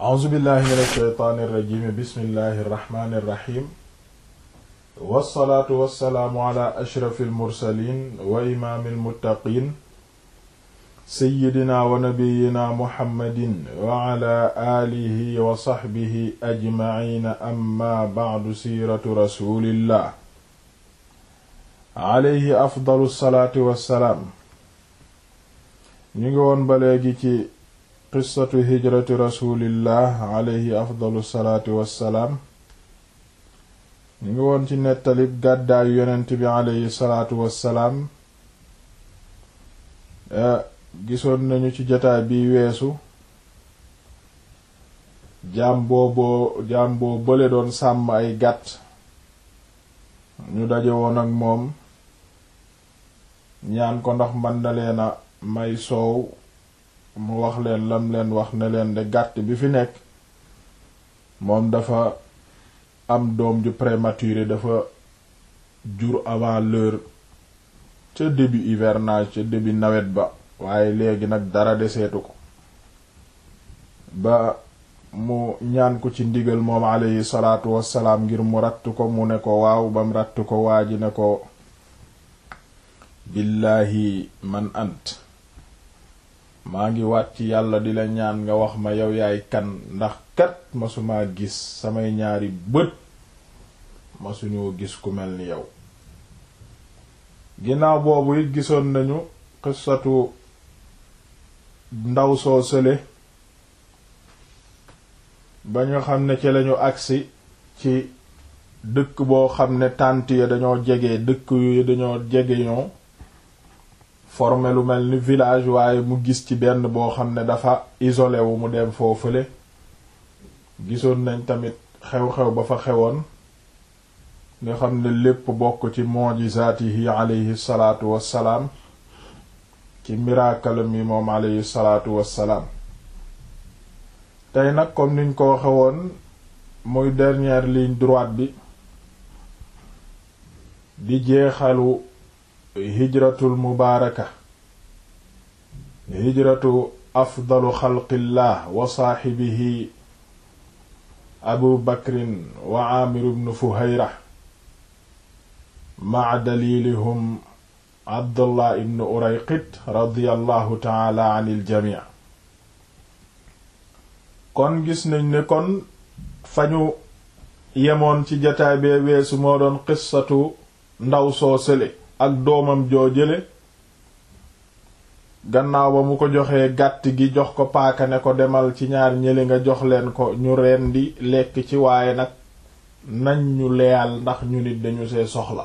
auzubillahi min alsheytaani irrajimi bismillahi irrahmani irrahim wassalaatu wassalaamu ala ashrafi almursalin wa imaami almuttaqin seyidina wa nabiyina muhammadin wa ala aalihi wa saxbihi ajmaciina amma bacdu siiratu rasulillah alayhi afdalu salaati wassalaam ñu ngi woon ba léegi ci qissatu hijrati rasulillah alayhi afdalu salaatu wassalaam ñu ngi woon ci nettalib gàddaayu yonent bi alayhi salaatu wassalaam eh, gisoon nañu ci jotaay bi weesu jaam booboo jaam boo bële doon sàmm ay gàtt ñu daje woon ak moom ñaan ko ndax mën na leena may soow mu wax leen lam leen wax na leen de gàtt bi fi nekk moom dafa am doom ju prématuré dafa jur avant leur ca début hivernage ca début nawet ba waaye léegi nag dara deseetu ko ba mu ñaan ko ci ndigal moom alayhi salaatu wassalaam ngir mu ratt ko mu ne ko waaw bam ratt ko waa ji ne ko billaahi man ant maa ngi waat ci yàlla di la ñaan nga wax ma yow yaay kan ndax kat masumaa gis samay ñaari bët masuñoo gis ku mel ni yow ginnaaw boobu it gisoon nañu xissatu ndaw soo sële ba ñu xam ne ci lañu agsi ci dëkk boo xam ne tànt ya dañoo jege dëkk yu dañoo jege ñoo formé lu mel ni village waaye mu gis ci benn boo xam ne dafa isole wu mu dem foofule gisoon nañ tamit xew-xew ba fa xewoon nga xam ne lépp bokk ci mu'jizaatihi alayhi salaatu wassalaam ci miracle mi moom alayhi salaatu wassalaam tey nag comme niñ ko xewoon muy dernière ligne droit bi di jeexalu hijratul mubaaraka hijratu afdalu xalqillah wa saaxibihi abu bakrin wa aamiru bnu fuhayra maa dalilihum abdullah ibnu urayqit radiallahu taala an iljami kon gis nañ ne kon fañu yemoon ci jataay bee weesu moo doon qissatu ndaw soo sële ak doomam joo jële gannaaw ba mu ko joxee gàtt gi jox ko paaka ne ko demal ci ñaar ñëli nga jox leen ko ñu rendi lekk ci waaye nag nañ ñu leyal ndax ñu nit dañu see soxla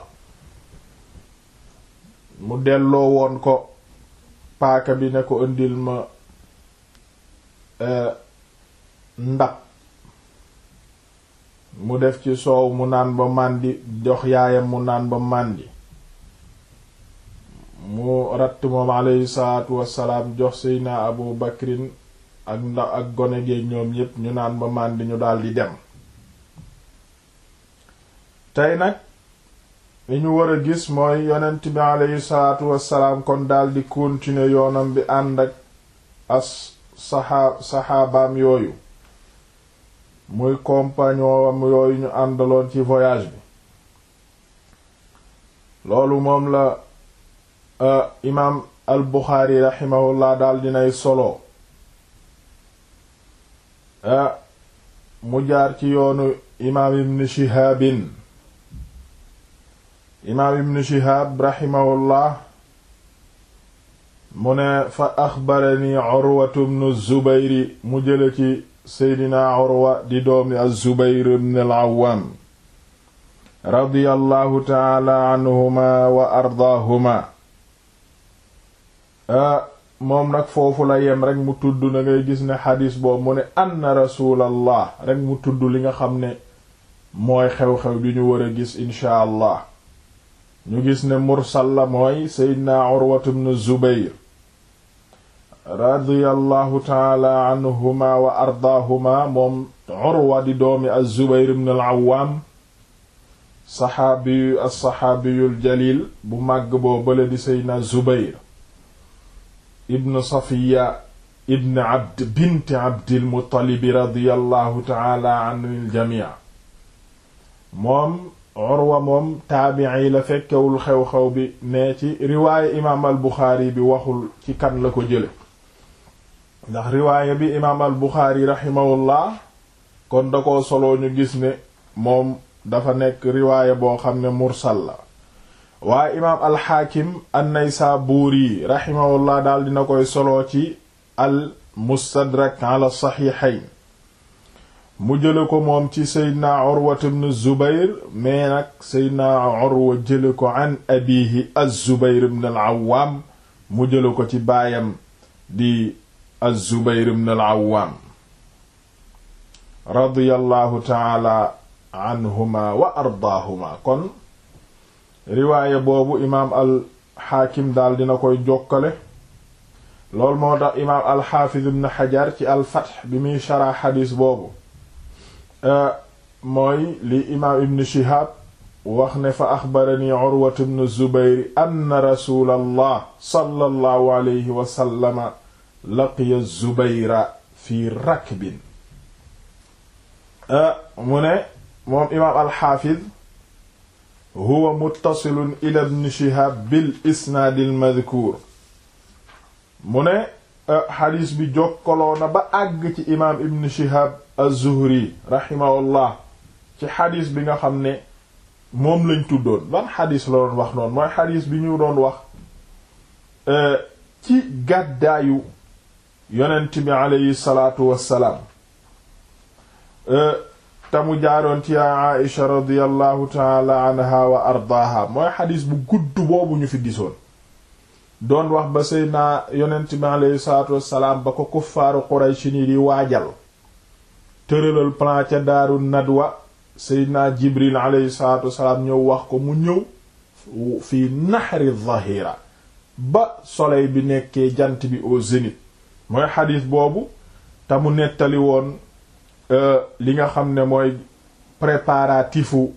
mu delloo woon ko paaka bi ne ko indil ma euh, ndab mu def ci soow mu naan ba màndi jox yaayam mu naan ba màndi mu ratt moom aleyhi salaatu wassalaam jox seydna abu bakrin ak ndax ak gone géeg ñoom yépp ñu naan ba màndi ñu daldi dem tey nag li ñu war a gis mooy yonent bi aleyhi salaatu wassalaam kon daldi continuer yoonam bi ànd ak as saxaa yooyu muy compagnon yooyu ñu àndaloon ci voyage bi loolu moom la Euh, imaam al buxaari raximahullah daal dinay solo euh, mu jaar ci yoonu imaam ibn shihaabin imaam ibn shihaab raximahullah mu ne fa axbarani urwatu ibn zubayri mu jële ci seydina urwa di doomi az-zubayr ibn al-awwaam radiyallahu taala anhuma wa ardaahuma Ah, moom nag foofu la yem rek mu tudd na ngay gis ne xadis boobu mu ne anna rasulallah rek mu tudd li nga xam ne mooy xew-xew bi ñu war a gis incha allah ñu gis ne mursal la mooy seydna urwat ibn zubayr ardaahuma moom urwa di doomi az-zubayr ibn awwaam saxaabiyu as-saxaabiyu al-jaliil bu màgg boo bale di seydna zubayr ibn safiya ibn abd bint abdilmuttalibi radiallahu taala an iljamic moom urwa moom taabici la fekkewul xew-xew bi ne ci riwaaya imaam al bi waxul ci kan la ko jële ndax riwaaya bi imaam al buxaari raximahullah kon da koo soloo ñu gis ne moom dafa nekk riwaaya boo xam ne mursal la waaye imaam alxaakim an-Naysaburi raximahullah daal dina koy solo ci al mustadrak ala saxiixayn mu jële ko moom ci seydna Urwa ibn Zubayr mais nag seydna Urwa jële ko an abiihi az-Zubayr ibn al-Awwaam mu jële ko ci baayam di az-Zubayr ibn al-Awwaam radiyallahu taala anhuma wa ardaahuma kon riwaaye boobu imaam al xaakim daal dina koy jokkale lool moo tax imaam al xaafiz ibn xajar ci al fath bi muy sharax xadiis boobu euh, mooy li imaam ibn shihaab wax ne fa axbarani urwat ibn zubayr anna rasuulallah sallallahu alayhi wa sallama laqiya zubayra fi rakbin euh, mu ne moom imaam al xaafiz huwa muttasilun ila ibn Shihab bil isnaad al mu ne eh, xadiis bi jokkaloo ba àgg ci imaam ibn Shihab az-Zuhri rahimahullah ci xadiis bi nga xam ne moom lañ tuddoon ban xadiis la doon wax noonu mooy xadiis bi ñu doon wax eh, ci gàddaayu yonent bi aleyhi salaatu wassalaam eh, te mu jaaroon ci yaa Aïsha radiyallahu wa ardaaha mooy xadiis bu gudd boobu ñu fi gisoon doon wax ba Seydina yonent bi aleyhi salaatu wassalaam ba ko kuffaaru Quraysh ni di waajal tëralal plan ca daaru nadwa Seydina Jibril aleyhi salaatu wassalaam ñëw wax ko mu ñëw fii naxari dhahira ba soleil bi nekkee jant bi au zénith mooy xadiis boobu te mu nettali woon Euh, li nga xam ne mooy préparatifu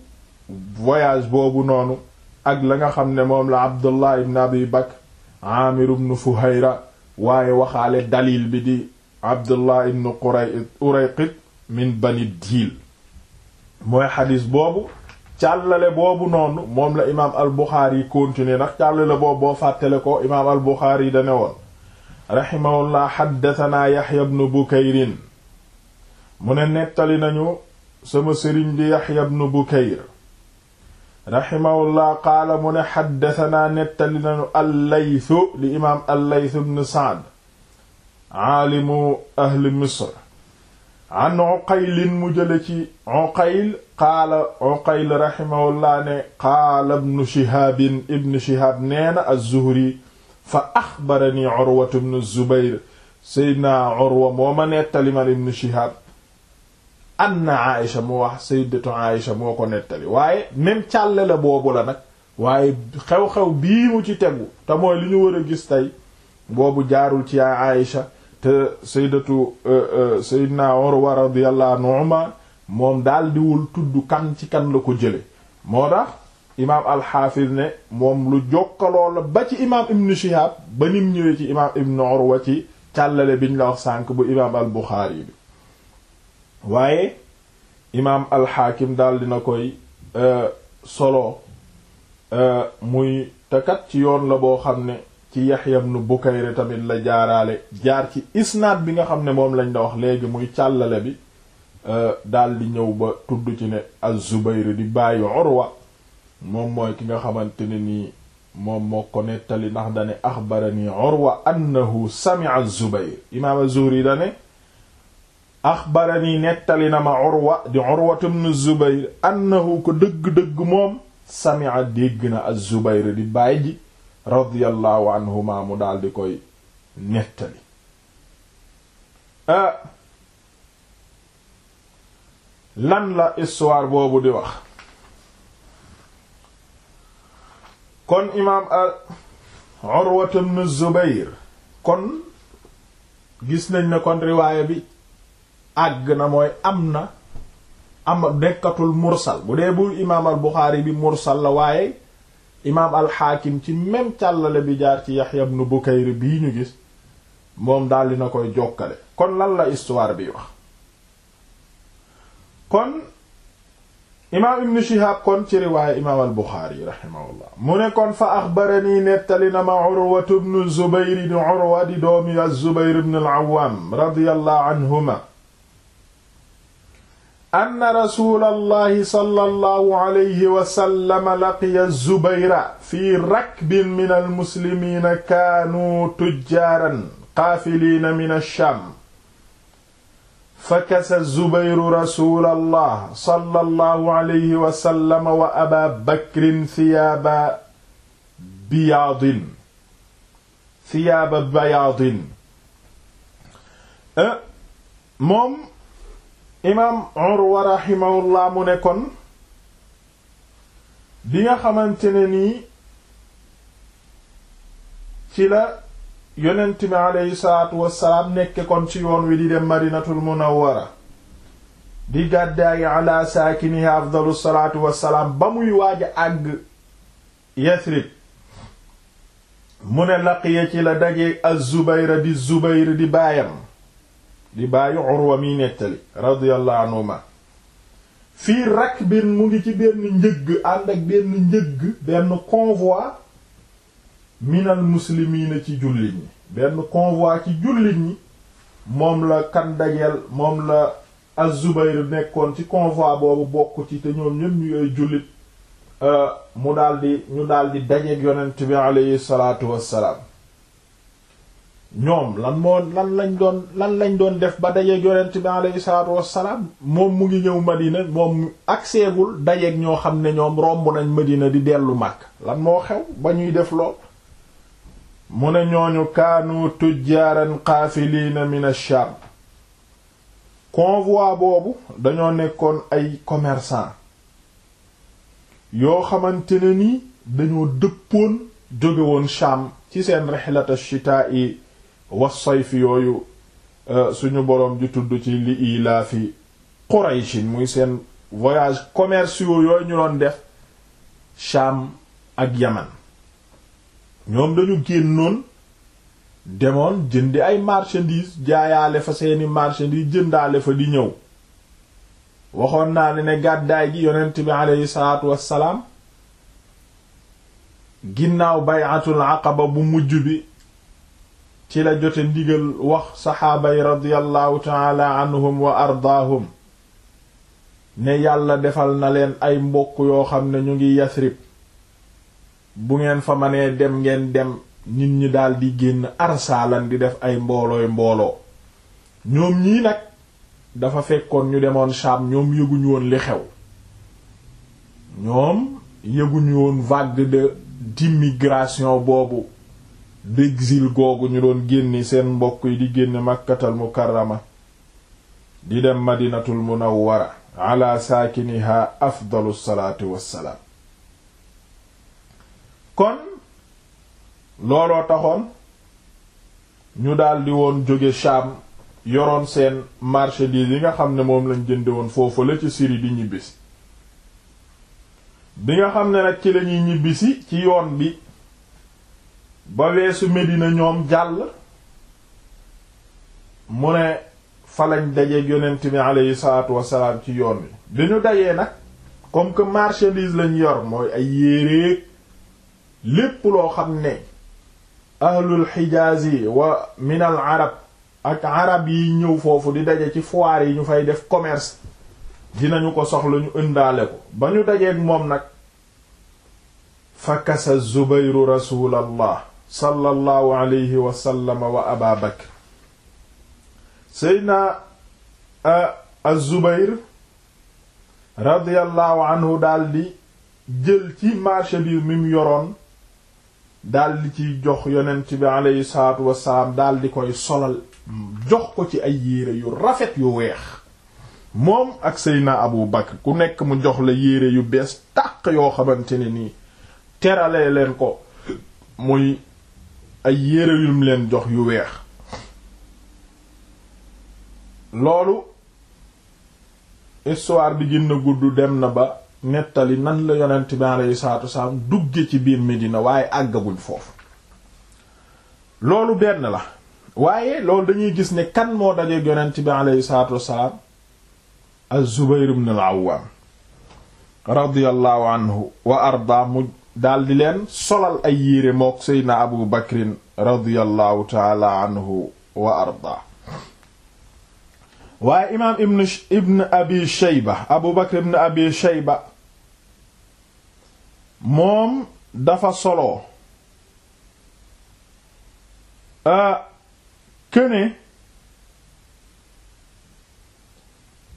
voyage boobu noonu ak la nga xam ne moom la Abdullah ibn Abi Bakr Amir ibn Fuhayra waaye waxaale dalil bi di Abdullah ibn Qurayqit Urayqit min Bani Diil mooy xadis boobu càllale boobu noonu moom la imaam al-Buxaari yi continuer ndax càllale boobu boo fàttale ko imaam al-Buxaari yi dane woon rahimahullah xaddatanaa Yaxya ibn Bukayrin mu ne nettali nañu sama sëriñ bi yaxya bnu bukayr raximahullah qaala mu ne xaddatanaa nettali nañu allaytu di imaam allaytu bnu saad aalimu ahli misr an uqaylin mu jële ci uqayl qaala uqayl raximahullah ne qaala bnu shihaabin ibnu shihaab nee na azzuhri fa axbarani urwatu bnu zubayr seydna urwa moo ma nettali man ibnu shihaab anna Aïcha mu wax sayyidatu Aïcha moo ko nettali waaye même càlle boobu la nag waaye xew-xew bii mu ci tegu te mooy ñu war a gis tey boobu jaarul ci Aïcha te sayyidatu euh, euh, sayyidna Urwa radiyallahu anhuma moom daal diwul tudd kan ci kan la ko jële moo tax imaam alxaafis ne moom lu jokkaloo la ba ci imaam ibn Shihab ba nim ñëwee ci imaam ibn Urwa ci càllale biñ la bu imaam al Buxaari bi waaye imaam alxaakim daal dina koy e, solo e, muy takat ci yoon la boo xam ne ci Yaxya ibn Bukayr tamit la jaaraale jaar ci isnaad bi nga xam ne moom lañ la wax léegi muy càllale bi e, dal di ñëw ba tudd ci ne az-Zubayr di bàyyi Urwa moom mooy ki nga xamante ne nii moom moo ko nettali ndax dane axbarani Urwa annahu sami'a az imaam az-Zuhri dane axbarani nettali na ma urwa di urwatu zubayr annahu ko dëgg-dëgg moom sami'a dégg na az-zubayr di baay ji radiyallahu anhuma mu daal di koy nettali ah, lan la histoire boobu di wax kon imaam al urwatu zubayr kon gis nañ ne kon riwaaya bi àgg na mooy am na am dekkatul mursal bu dee bu imaam al Buxaari bi mursal la waaye imaam al Xaakim ci même càllale bi jaar ci Yaxya ibnu Bukayr bii ñu gis moom daldi na koy jokkale kon lan la histoire bi wax kon imaam ibnu Shihaab kon ci riwaaya imaam al Buxaari raximahullah mu ne kon fa axbaranii nettali na ma Urwatu bnu Zubayr di Urwa di doomi az-Zubayr ibn al-Awwaam radiyallahu anhuma anna rasulallahi sallallahu alayhi wa sallam laqiya zubayra fi rakbin min almuslimiina kaanuu tujjaaran qaafiliina min alsham fakasa zubayru rasulallah sallallahu alayhi wa sallam wa aba bakrin thiyaaba biyaadin thiyaaba bayaadin moom imaam Urwa rahimahullah mu ne kon bi nga xamante ne nii ci la yonent bi aleyhi salaatu kon ci yoon wi di dem madinatul munawwara di gàddaayi ala saakinihi afdalu salaatu wassalaam ba muy waaj a àgg yasrib mu ne laqiya ci la daje az-Zubayr di Zubayr di baayam di bàyyi Urwa miy nettali radiyallahu anhuma fii rakbin mu ngi ci benn njëgg ànd ak benn njëgg benn convoi minal muslimiina ci jullit ñi benn convoi ci jullit ñi moom la kan dajeel moom la az nekkoon ci convoi boobu bokk ci te ñoom ñépp ñu ay jullit euh, mu daldi ñu daldi dajeek yonent bi aleyhi salaatu wassalaam ñoom lan moo lañ doon lan lañ doon def ba dajeeg yonent bi alayhi wassalaam moom mu ngi ñëw Madina moom agseegul dajeeg ñoo xam ne ñoom romb nañ Madina di dellu mag lan moo xew ba ñuy def lool mu ne ñooñu kaanu tujjaaran qaafiliina min ash-Shaam convoi boobu dañoo nekkoon ay commerçant yoo xamante ne ni dañoo dëppoon jóge woon Shaam ci seen rihlata ash-shitaa'i wax sayf yooyu eh, suñu boroom di tudd ci li ilaafi Qurayshin muy seen voyage commerciaux yooyu ñu doon def Sham ak Yaman ñoom dañu génnoon demoon jëndi ay marchandises jaayaale fa seeni marchandises jëndaale fa di ñëw waxoon naa ne ne gàddaay gi yonent bi aleyhi wassalaam ginnaaw bay'atul aqaba bu mujj bi ci la jote ndigal wax saxaaba yi radiyallahu taala anhum wa ardaahum ne yàlla defal na leen ay mbokk yoo xam ne ñu ngi yasrib bu ngeen fa manee dem ngeen dem nit ñi daldi génn arsaalan di def ay mboolooy mbooloo ñoom ñii nag dafa fekkoon ñu demoon Sham ñoom yëguñu woon li xew ñoom yëguñu woon vague de d'immigration boobu d'exil googu ñu doon génni seen mbokk yi di génn makkatal mukarrama di dem madinatul munawwara ala saakiniha afdalu salaatu wassalaam kon looloo taxoon ñu daldi woon jóge Shaam yoroon seen marchandise yi nga xam ne moom lañ jënde woon foofu la ci Syrie di ñibbisi bi nga xam ne nag ci lañuy ñibbisi ci yoon bi ba weesu Medina ñoom jàll mu ne falañ daje yonent bi aleyhi salaatu wasalaam ci yoon bi bi ñu dajee nag comme que marchandise lañ yor mooy ay yéeréeg lépp loo xam ne ahlul xijaaz yi wa minal arab ak arab yi ñëw foofu di daje ci foire yi ñu fay def commerce dinañu ko soxla ñu ëndaale ko ba ñu dajeeg moom nag fakasa zubayru rasulallah sallallahu abaa wa sallam a aba bakr az-Zubayr radiyallahu anhu daldi jël ci marché bi mi mu yoroon daldi ciy jox yonent bi aleyhi salaatu wassalaam daldi koy solal jox ko ci ay yére yu rafet yu weex moom ak seydna Abu Bakr ku nekk mu joxla la yére yu bees tàq yoo xamante ne nii terale leen ko muy ay yére yum leen jox yu weex loolu histoire bi gën gudd dem na ba nettali nan la yonent bi alayhi salaatu wasalaam dugge ci biir Medina waaye àggaguñ foofu loolu benn la waaye loolu dañuy gis ne kan moo dajeeg yonent bi alayhi salaatu wasalaam az-Zubayr ibn al-Awwam anhu wa arda daldi leen solal ay yére mook seydna abu bakrin radiyallahu taala anhu wa arda waaye imaam ibn ibn abi shayba abu bakr ibn abi shayba moom dafa solo a këne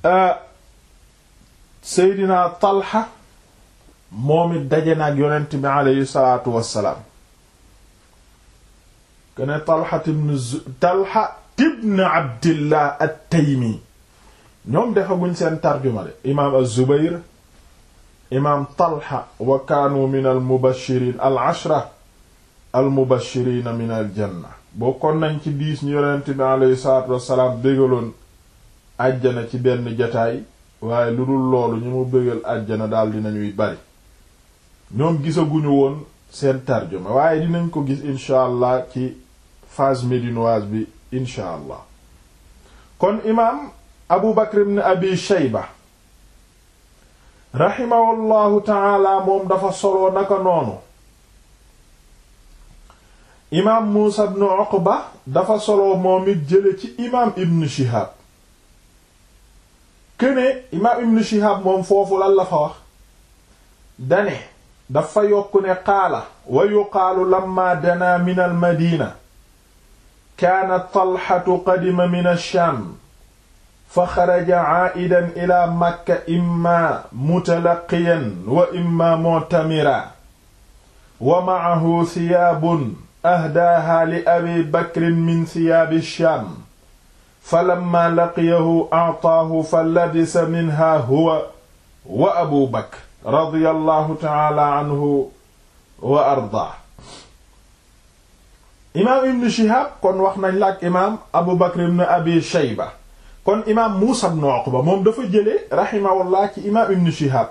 a seydina talha moom it daje na ak yonent bi aleyhi salaatu wassalaam kene talxat ibn abdillah at-taymi ñoom defaguñ seen tarjuma de imaam az-zubayr imaam talxa wa kaanu min al-mubashirin al-ashra al-mubashirin min al-janna bokkoon nañ ci diis ñu yonent bi aleyhi salaatu wassalaam bégaloon àjjana ci benn jataay waaye lu dul loolu ñu mu bégal àjjana daal dinañuy bari ñoom gisaguñu woon seen tarjuma waaye dinañ ko gis incha ci phase médinoise bi incha allah kon imaam abu bakr ibn abi shayba raximahullahu taala moom dafa solo naka noonu imaam muusa ibn uqba dafa solo moom it jële ci imaam ibn shihab këne imaam ibn shihab moom foofu lan la fa wax dane dafa yokk ne qaala wa yuqaalu lamma dana min almadina kaana talxatu qadima min alshaam fa xaraja caa'idan ila makka imma mutalaqiyan wa imma muctamira wa macahu siyaabun ahdaahaa li abi bakrin min siyaabi shaam falamma laqiyahu actaahu fa labisa minhaa huwa wa abu bakr radiyallahu taala anhu wa ardaa imaam ibn Shihab kon wax nañ la ak imaam Abu Bakr ibn Abi Shayba kon imaam Muusa ibn Uqba moom dafa jëlee rahimahullah ci imaam ibn Shihab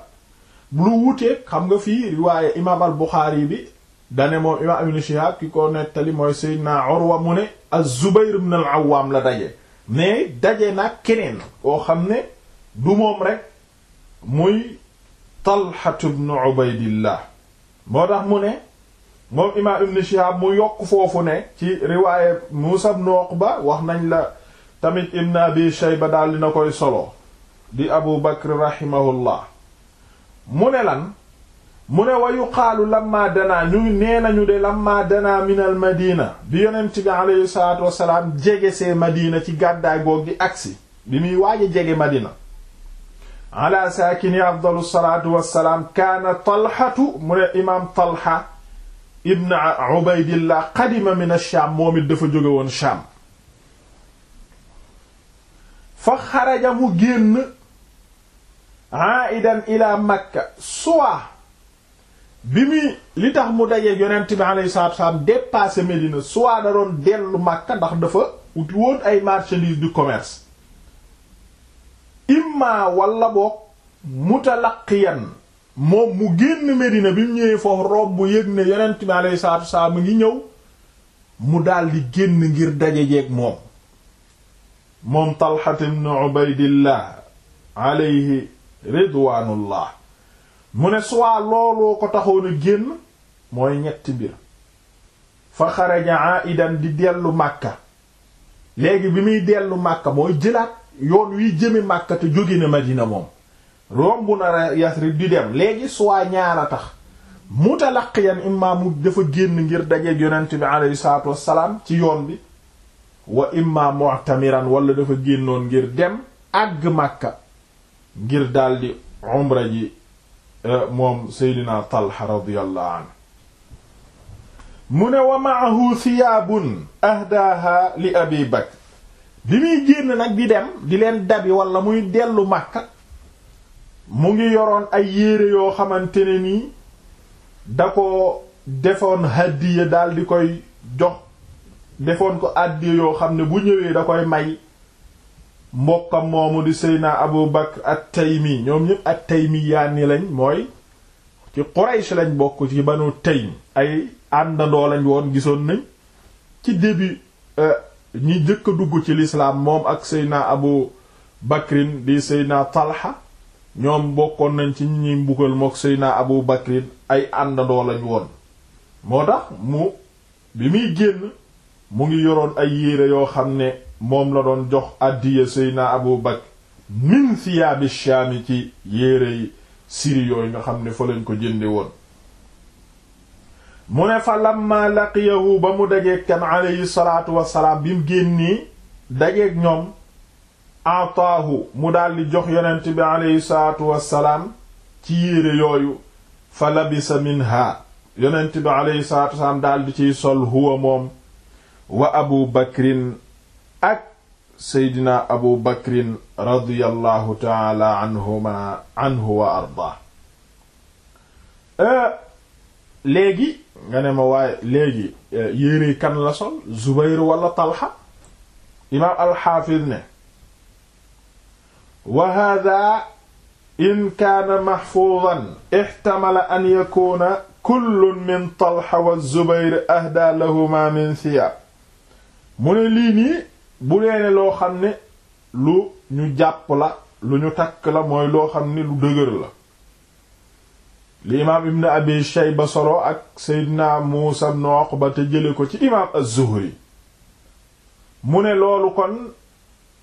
lu wuteeg xam nga fii riwaaye imaam al Buxaari bi dane moom imaam ibn Shihab ki ko nettali mooy Seydina mu ne az-Zubayr ibn al-Awwaam la daje mais daje nag keneen koo xam ne du moom rek muy talxatu bnu ubaydillah moo tax mu ne moom imaam ibn shihab mu yokk foofu ne ci riwaaye muusa bnu uqba wax nañ la tamit ibn abi shayba daal dina koy solo di abu bakr rahimahullah mu ne lan mu ne wa yuqaalu lamma danaa ñu nee nañu de lamma danaa minal madina bi yonent bi aleyhi salaatu wassalaam jege see madina ci gàddaay goog gi agsi bi muy waaja jege madina ala saakini afdalu salaatu wassalaam kaana talxatu mu ne imaam talxa ibn ubaydillah qadima min ash-shaam moom it dafa jóge woon shaam fa xaraja mu génn aidan ila makka soit bi muy li tax mu dajeeg yonent bi alayhi salaatu wassalaam dépassé Medina soit da doon dellu makka ndax dafa uti woon ay marchandises du commerce imma walla boog mutalaqiyan moom mu génn Medina bi mu ñëwee foofu rob bu ne yonent bi alayhi salaatu ngi ñëw mu daldi génn ngir dajejeeg moom moom Talha ibn Ubaydillah alayhi ridwaanullah mu ne soit looloo ko taxoon a génn mooy ñetti mbir fa xaraja aidan di dellu Makka léegi bi muy dellu Makka mooy jëlaat yoon wiy jëme Makka te jóge na Madina moom romb na Yasrib di dem léegi soit a tax mutalaqiyan imma mu dafa génn ngir dajeeg yonent bi aleyhi salaatu wassalaam ci yoon bi wa imma mu'tamiran wala dafa génnoon ngir dem àgg ngir daldi umra ji eh, moom Seydina Talha radiyallahu mu ma'ahu thiyaabun ahdaaha li Abi bi muy génn nag di dem di leen dabi wala muy dellu Makka mu ngi yoroon ay yére yoo xamante ne nii da ko defoon hadiya daal di koy jox defoon ko hadiya yoo xam ne bu ñëwee da koy may mbokkam moomu di Seyna Abu Bakr at-Taymi ñoom ñëpp at-Taymi ni lañ mooy ci Quraysh lañ bokk ci Banu Taym ay àndandoo lañ woon gisoon nañ ci début. Euh, ñi njëkk a dugg ci lislaam moom ak seydna abu bakrin di seydna talha ñoom bokkoon nañ ci ñi mbugal mook seydna abu bakrin ay àndandoo lañ woon moo tax mu bi muy génn mu ngi yoroon ay yére yoo xam ne moom la doon jox àddiya seydna abu bakr min siyaabi shaami ci yére yi siri yooyu nga xam ne fa lañ ko jënde woon mu ne fa lamma laqiyahu ba mu dajeeg kan aleyhi salaatu wasalaam bi mu génnee dajeeg ñoom ataahu mu daldi jox yonent bi aleyhi salaatu wasalaam ci yére yooyu fa labisa minha yonent bi aleyhi salaatu wasalaam daldi ciy sol huwa moom wa abu bakrin ak seydina abu bakrin radiyallahu taala anhuma anhu wa arda euh, léegi nga ne ma waaye léegi eh, yére kan la sol Zubayr wala Talha imaam alxaafiz ne wa hada in kaana maxfuudan ixtamala an yakuuna kullun min Talha wa Zubayr ahdaa lahuma min siyaab mu ne lii nii bu leene loo xam ne lu ñu jàpp la lu ñu takk la mooy loo xam ne lu dëgër la li imaam ibn abi shayba solo ak seydina muusa ibn uqba te jële ko ci imaam az mu ne loolu kon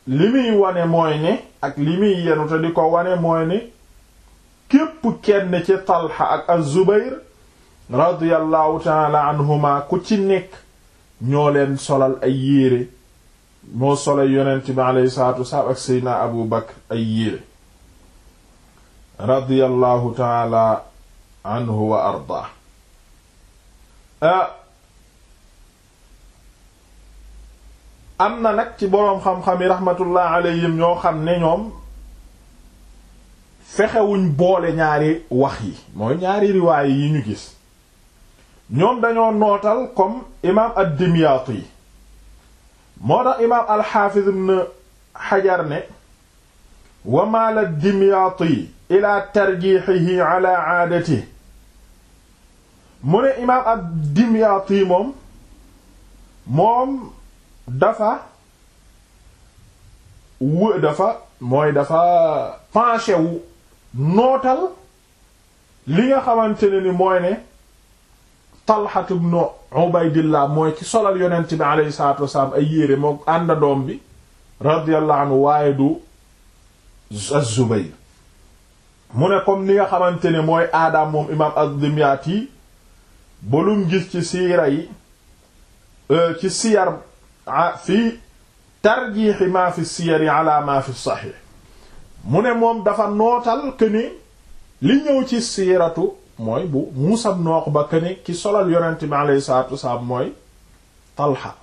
li wane mooy ne ak li muy yenu di ko wane mooy ne képp kenn ci talxa ak az-zubayr taala anhuma ku ci nekk ñoo leen solal ay yére moo solal yonent bi alayhi salaatu ak seydina abu bakr ay yére taala anhu wa arda am na nag ci boroom xam-xam yi rahmatullah alayhim ñoo xam ne ñoom fexewuñ boole ñaari wax yi mooy ñaari riwaay yi ñu gis ñoom dañoo nootal comme imaam ad-Dimyaati moo tax imaam al-Hafiz ibn Hajar ne wa dimyaati ila tarjiixihi ala aadati mu imaam ad-Dimyaati moom moom dafa wë dafa mooy dafa penché nootal li nga xamante ne ni mooy mooy ci solal yonent bi alayhi salaatu wasalaam ay bi radiyallahu anhu waaye du az mu ne comme ni nga xamante ne mooy aadaam moom imaam ad-Dimyaati ba lum gis ci siira yi euh, ci siyar fi tarjiixi maa fi siyari ala maa fi saxiix mu ne moom dafa nootal que li ñëw ci siiratu mooy bu Muusaa ibn Uqba que ki solal yonent bi alayhi salaatu wasalaam mooy Talha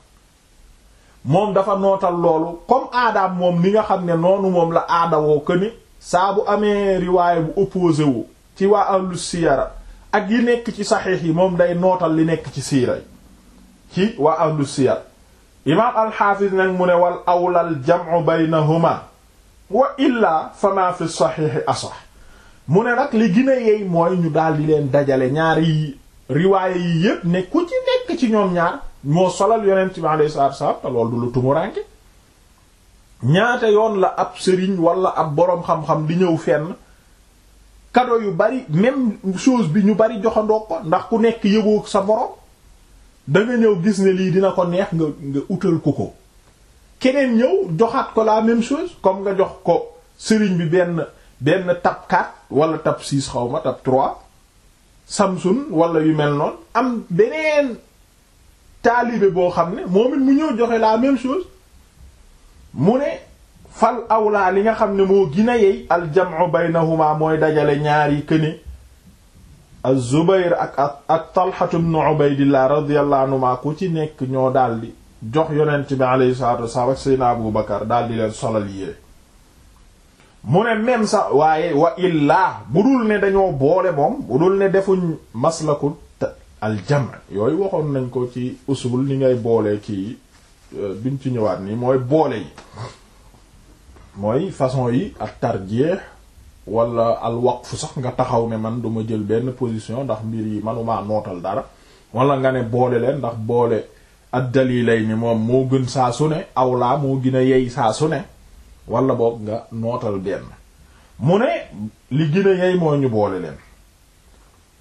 moom dafa nootal loolu comme aadaam moom ni nga xam ne noonu moom la aada woo saa bu amee riwaaya bu opposé wu ci waa ahlu siyara ak yi nekk ci saxiix yi moom day nootal li nekk ci siira ci waa ahlu siyar imaam alxaafis nag mu ne wal awlal jam'u baynahuma wa illaa fama fi saxiixi asax mu ne nag li gën a yey mooy ñu daal di leen dajale ñaari riwaaya yi yépp ne ku ci nekk ci ñoom ñaar ñoo solal yonent bi alayhi sa wa salaam te loolu du lu tumuraanke ñaata yoon la ab sëriñ walla ab boroom xam-xam di ñëw fenn kado yu bari même chose bi ñu bari joxandoo ko ndax ku nekk yëgoo sa boroom da ñëw gis ne lii dina ko neex nga nga utal ko ko keneen ñëw joxaat ko la même chose comme nga jox ko sëriñ bi benn benn tab 4 wala tab 6 xaw ma tab 3 Samsung wala yu mel noon am beneen taalibe boo xam ne moom it mu ñëw joxe la même chose mu ne fal awlaa li nga xam ne moo gën a yey aljamcu baynahuma mooy dajale ñaari këni az-Zubayr ak ak Talxatu ku ci nekk ñoo daldi jox yonent bi alayhi salaatu wasalaam ak Seydina Abu Bakar daldi leen solal yére mu ne même sax waaye wa illaa bu dul ne dañoo boole moom bu dul ne defuñ maslakut aljam yooyu waxoon nañ ko ci usul ni ngay boolee kii duñ euh, ci ñëwaat nii mooy boole yi mooy façon yi ak tarjeex wala al sax nga taxaw ne man duma jël benn position ndax mbir yi manuma nootal dara wala nga ne boole leen ndax boole ad dalilay ni moom moo gën saa su ne awlaa moo gën a yey saa su ne wala boog nga nootal benn mu ne li gën a yey moo ñu boole leen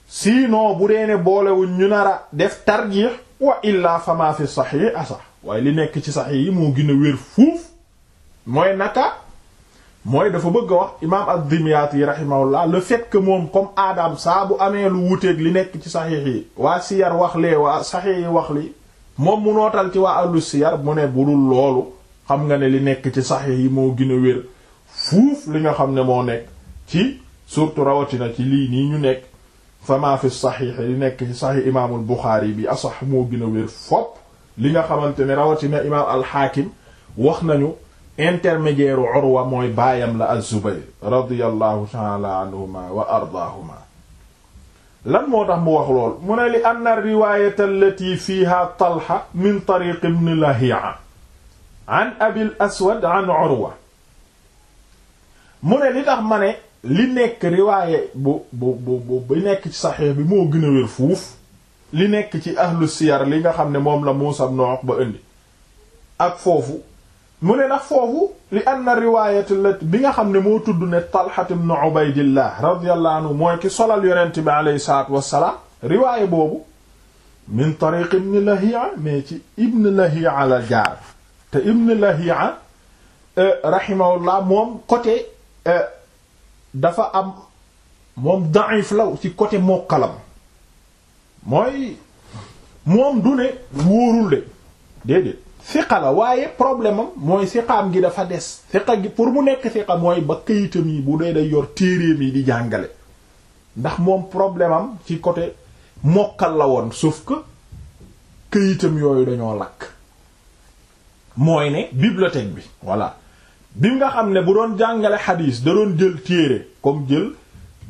sinon bu dee ne boolewuñ ñu nara def tarjih wa illaa fa ma fi sahih asax waaye li nekk ci sax yi moo gën a wér fuuf mooy naka mooy dafa bëgg a wax imaam ad-Dimyaati rahimahullah le fait que moom comme Adam saa bu amee lu wuteeg li nekk ci saxiix yi waa siyar wax lee wax li moom mu ci waa ahlu siyar mu ne xam nga ne li nekk ci saxiix yi moo gina a wér fuuf li nga xam ne moo nekk ci surtout rawatina ci lii nii ñu nekk fa maa yi saxiix li nekk ci saxiix imaamul Buxaari bi asax moo gën a wér fopp li nga xamante ne rawatina imaam alxaakim wax nañu intermédiaire Urwa mooy baayam la az-Zubayr radiyallahu ta'ala anhuma wa ardaahuma lan moo tax mu wax lool mu ne li anna riwaayata allati fiiha Talha min tariq ibn Lahi'a an abil aswad an Urwa mu ne li tax ma ne li nekk riwaaye bu bu bu bu nekk ci saxiix bi moo gën a wér fuuf li nekk ci ahlu siyar li nga xam ne moom la Muusa ibn Uqba indi ak foofu mu ne nag foofu li anna riwaayatu la bi nga xam ne moo tudd ne Talha ibn Ubaydillah radiyallahu anhu mooy ki solal yonent bi alayhi salaatu wassalaam riwaaya boobu min mais ci ibn Lahi'a la jaar te ibn Lahi'a euh, moom côté euh, dafa am moom da'if la ci côté mokkalam mooy moom du ne wóorul de déedéet siqa la waaye problème am mooy siqaam gi dafa des siqa gi pour mu nekk siqa mooy ba këyitam yi bu dee day yor téeréem yi di jàngale ndax moom problème am ci côté mokkal la woon suuf que këyitam yooyu dañoo lakk mooy ne bibliothèque bi voilà bi nga xam ne bu doon jàngale xadiis da doon jël téere comme jël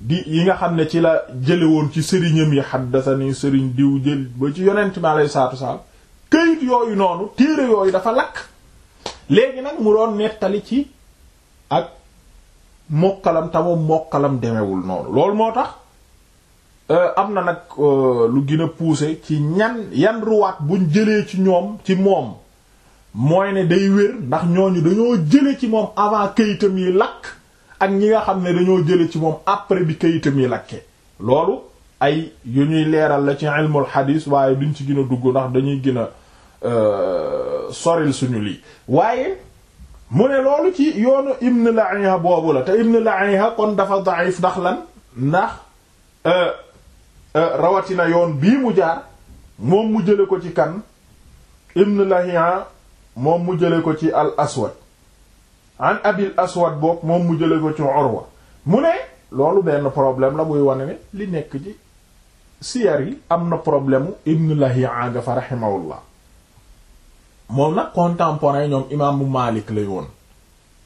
di yi nga xam ne ci la jële woon ci sëriñam yi xaddasani sëriñ diw jël ba ci yonent mi alayhi salaatu wasalaam këyit yooyu noonu téere yooyu dafa lakk léegi nag mu doon nettali ci ak mokkalam tamu mokkalam demewul noonu loolu moo tax euh, am na nag euh, lu gën a poussé ci ñan yan ruwaat buñ jëlee ci ñoom ci moom mooy ne day wér ndax ñooñu dañoo jële ci moom avant këyitam yi lakk ak ñi nga xam ne dañoo jële ci moom après bi kayitam yi lakke loolu ay yu ñuy leeral la ci ilmul xadiis waaye duñ ci gën a dugg ndax dañuy gina a euh, soril suñu lii waaye mu ne loolu ci yoonu ibn La'iha boobu la te ibn La'iha kon dafa da'if ndax lan ndax euh, euh, rawatina yoon bii mu jaar moom mu jële ko ci kan ibn La'iha moom mu jële ko ci al aswad an abil aswad boog moom mu jële ko ci Urwa mu ne loolu benn problème la buy wone ne li nekk ci siyar yi am na problème u ibnu lahiaga fa rahimahullah moom nag contemporain ñoom imaamu Maalik lay woon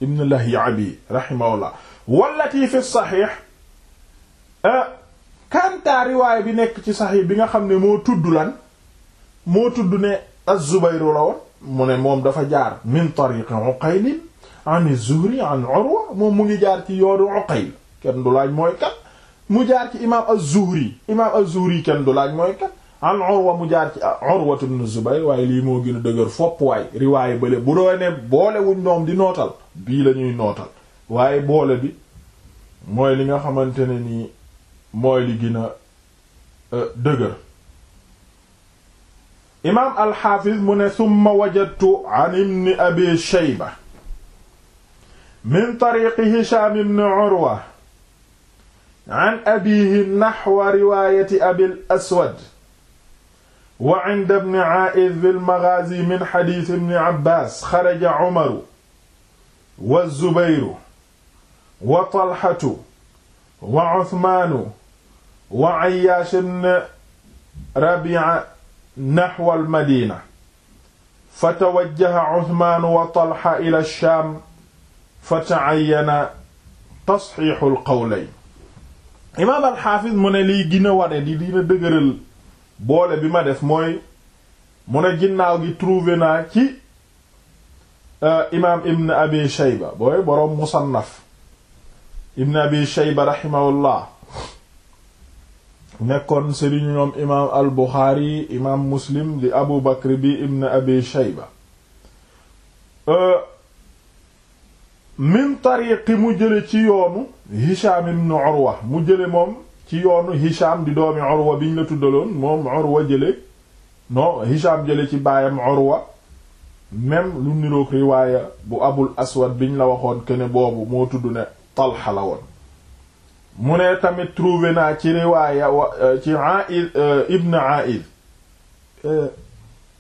ibnu lahia bi rahimahullah wallati fi saxiix eh, kanta riwaay bi nekk ci saxiix bi nga xam ne moo tudd lan moo tudd ne az la woon mu ne moom dafa jaar min tariqi Uqayl an Zuhri an Urwa moom mu ngi jaar ci yoonu Uqayl kenn du laaj mooy kat mu jaar ci imaam az imaam az kenn du laaj mooy kat an Urwa mu jaar ci Urwa ibn Zubayr waaye lii moo gën a dëgër fopp waay riwaaye di nootal bii la ñuy nootal waaye boole bi mooy li nga xamante ne nii mooy li gën a euh, dëgër imaam al mu ne summa wajadtu an ibn Abi Shayba min tariqi hisham ibn urwa an abihi naxwa riwaayati abil aswad wa inda ibni aa'id fil maghaazi min xadiis ibni abbaas xaraja umaru wa zubairu wa talxatu wa usmaanu wa ayyaash ibn rabiica naxwa al madiina fatawajjaha usmaanu wa talxa ila shaam fa tacayyana tasxiixul qawlayn imaam alxaafis mu ne liy gën a wane di dina dëgëral boole bi ma def mooy mu ne ginnaaw gi trouvé naa ci euh, imaam ibn abi shayba booy boroom musannaf ibn abi shayba raximahullah nekkoon sëriñu ñoom imaam al imaam muslim di abu bakr ibn abi shayba euh, min tariqi mu jële ci yoonu Hisham ibn Urwa mu jële moom ci yoonu Hisham di doomi Urwa biñ la tuddaloon moom Urwa jële non Hisham jële ci baayam Urwa même lu niroog riwaaya bu Abul Aswad biñ la waxoon que ne boobu moo tudd ne Talha la woon mu ne tamit trouvé naa ci riwaaya wa euh, ci Aid euh, ibn Aid euh,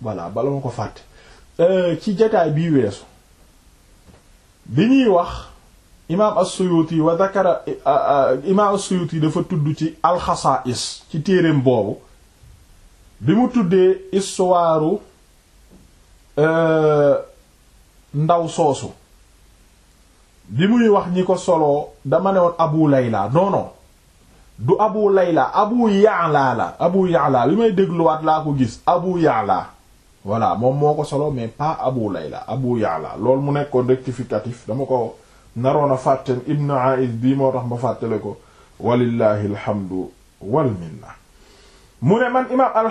bala ma ko fàtte ci jataay bii weesu bi ñuy wax imaam as-Suyuti wa dakara eh, ah, ah, imaam as-Suyuti dafa tudd ci alxasaa'is ci téereem boobu bi mu tuddee istuwaaru euh, ndaw soosu bi muy wax ñi ko soloo dama ne woon Abu Layla non du Abu Layla Abu Ya'la la Abu Ya'la li may dégluwaat laa ko gis Abu Ya'la voilà moom moo ko solo mais pas Abu Layla Abu Ya'la loolu mu nekkoon rectificatif dama ko naroon a fàtten Ibn A'iz bii moo tax ma ko walillahi alhamdu wal minna mu ne man imam al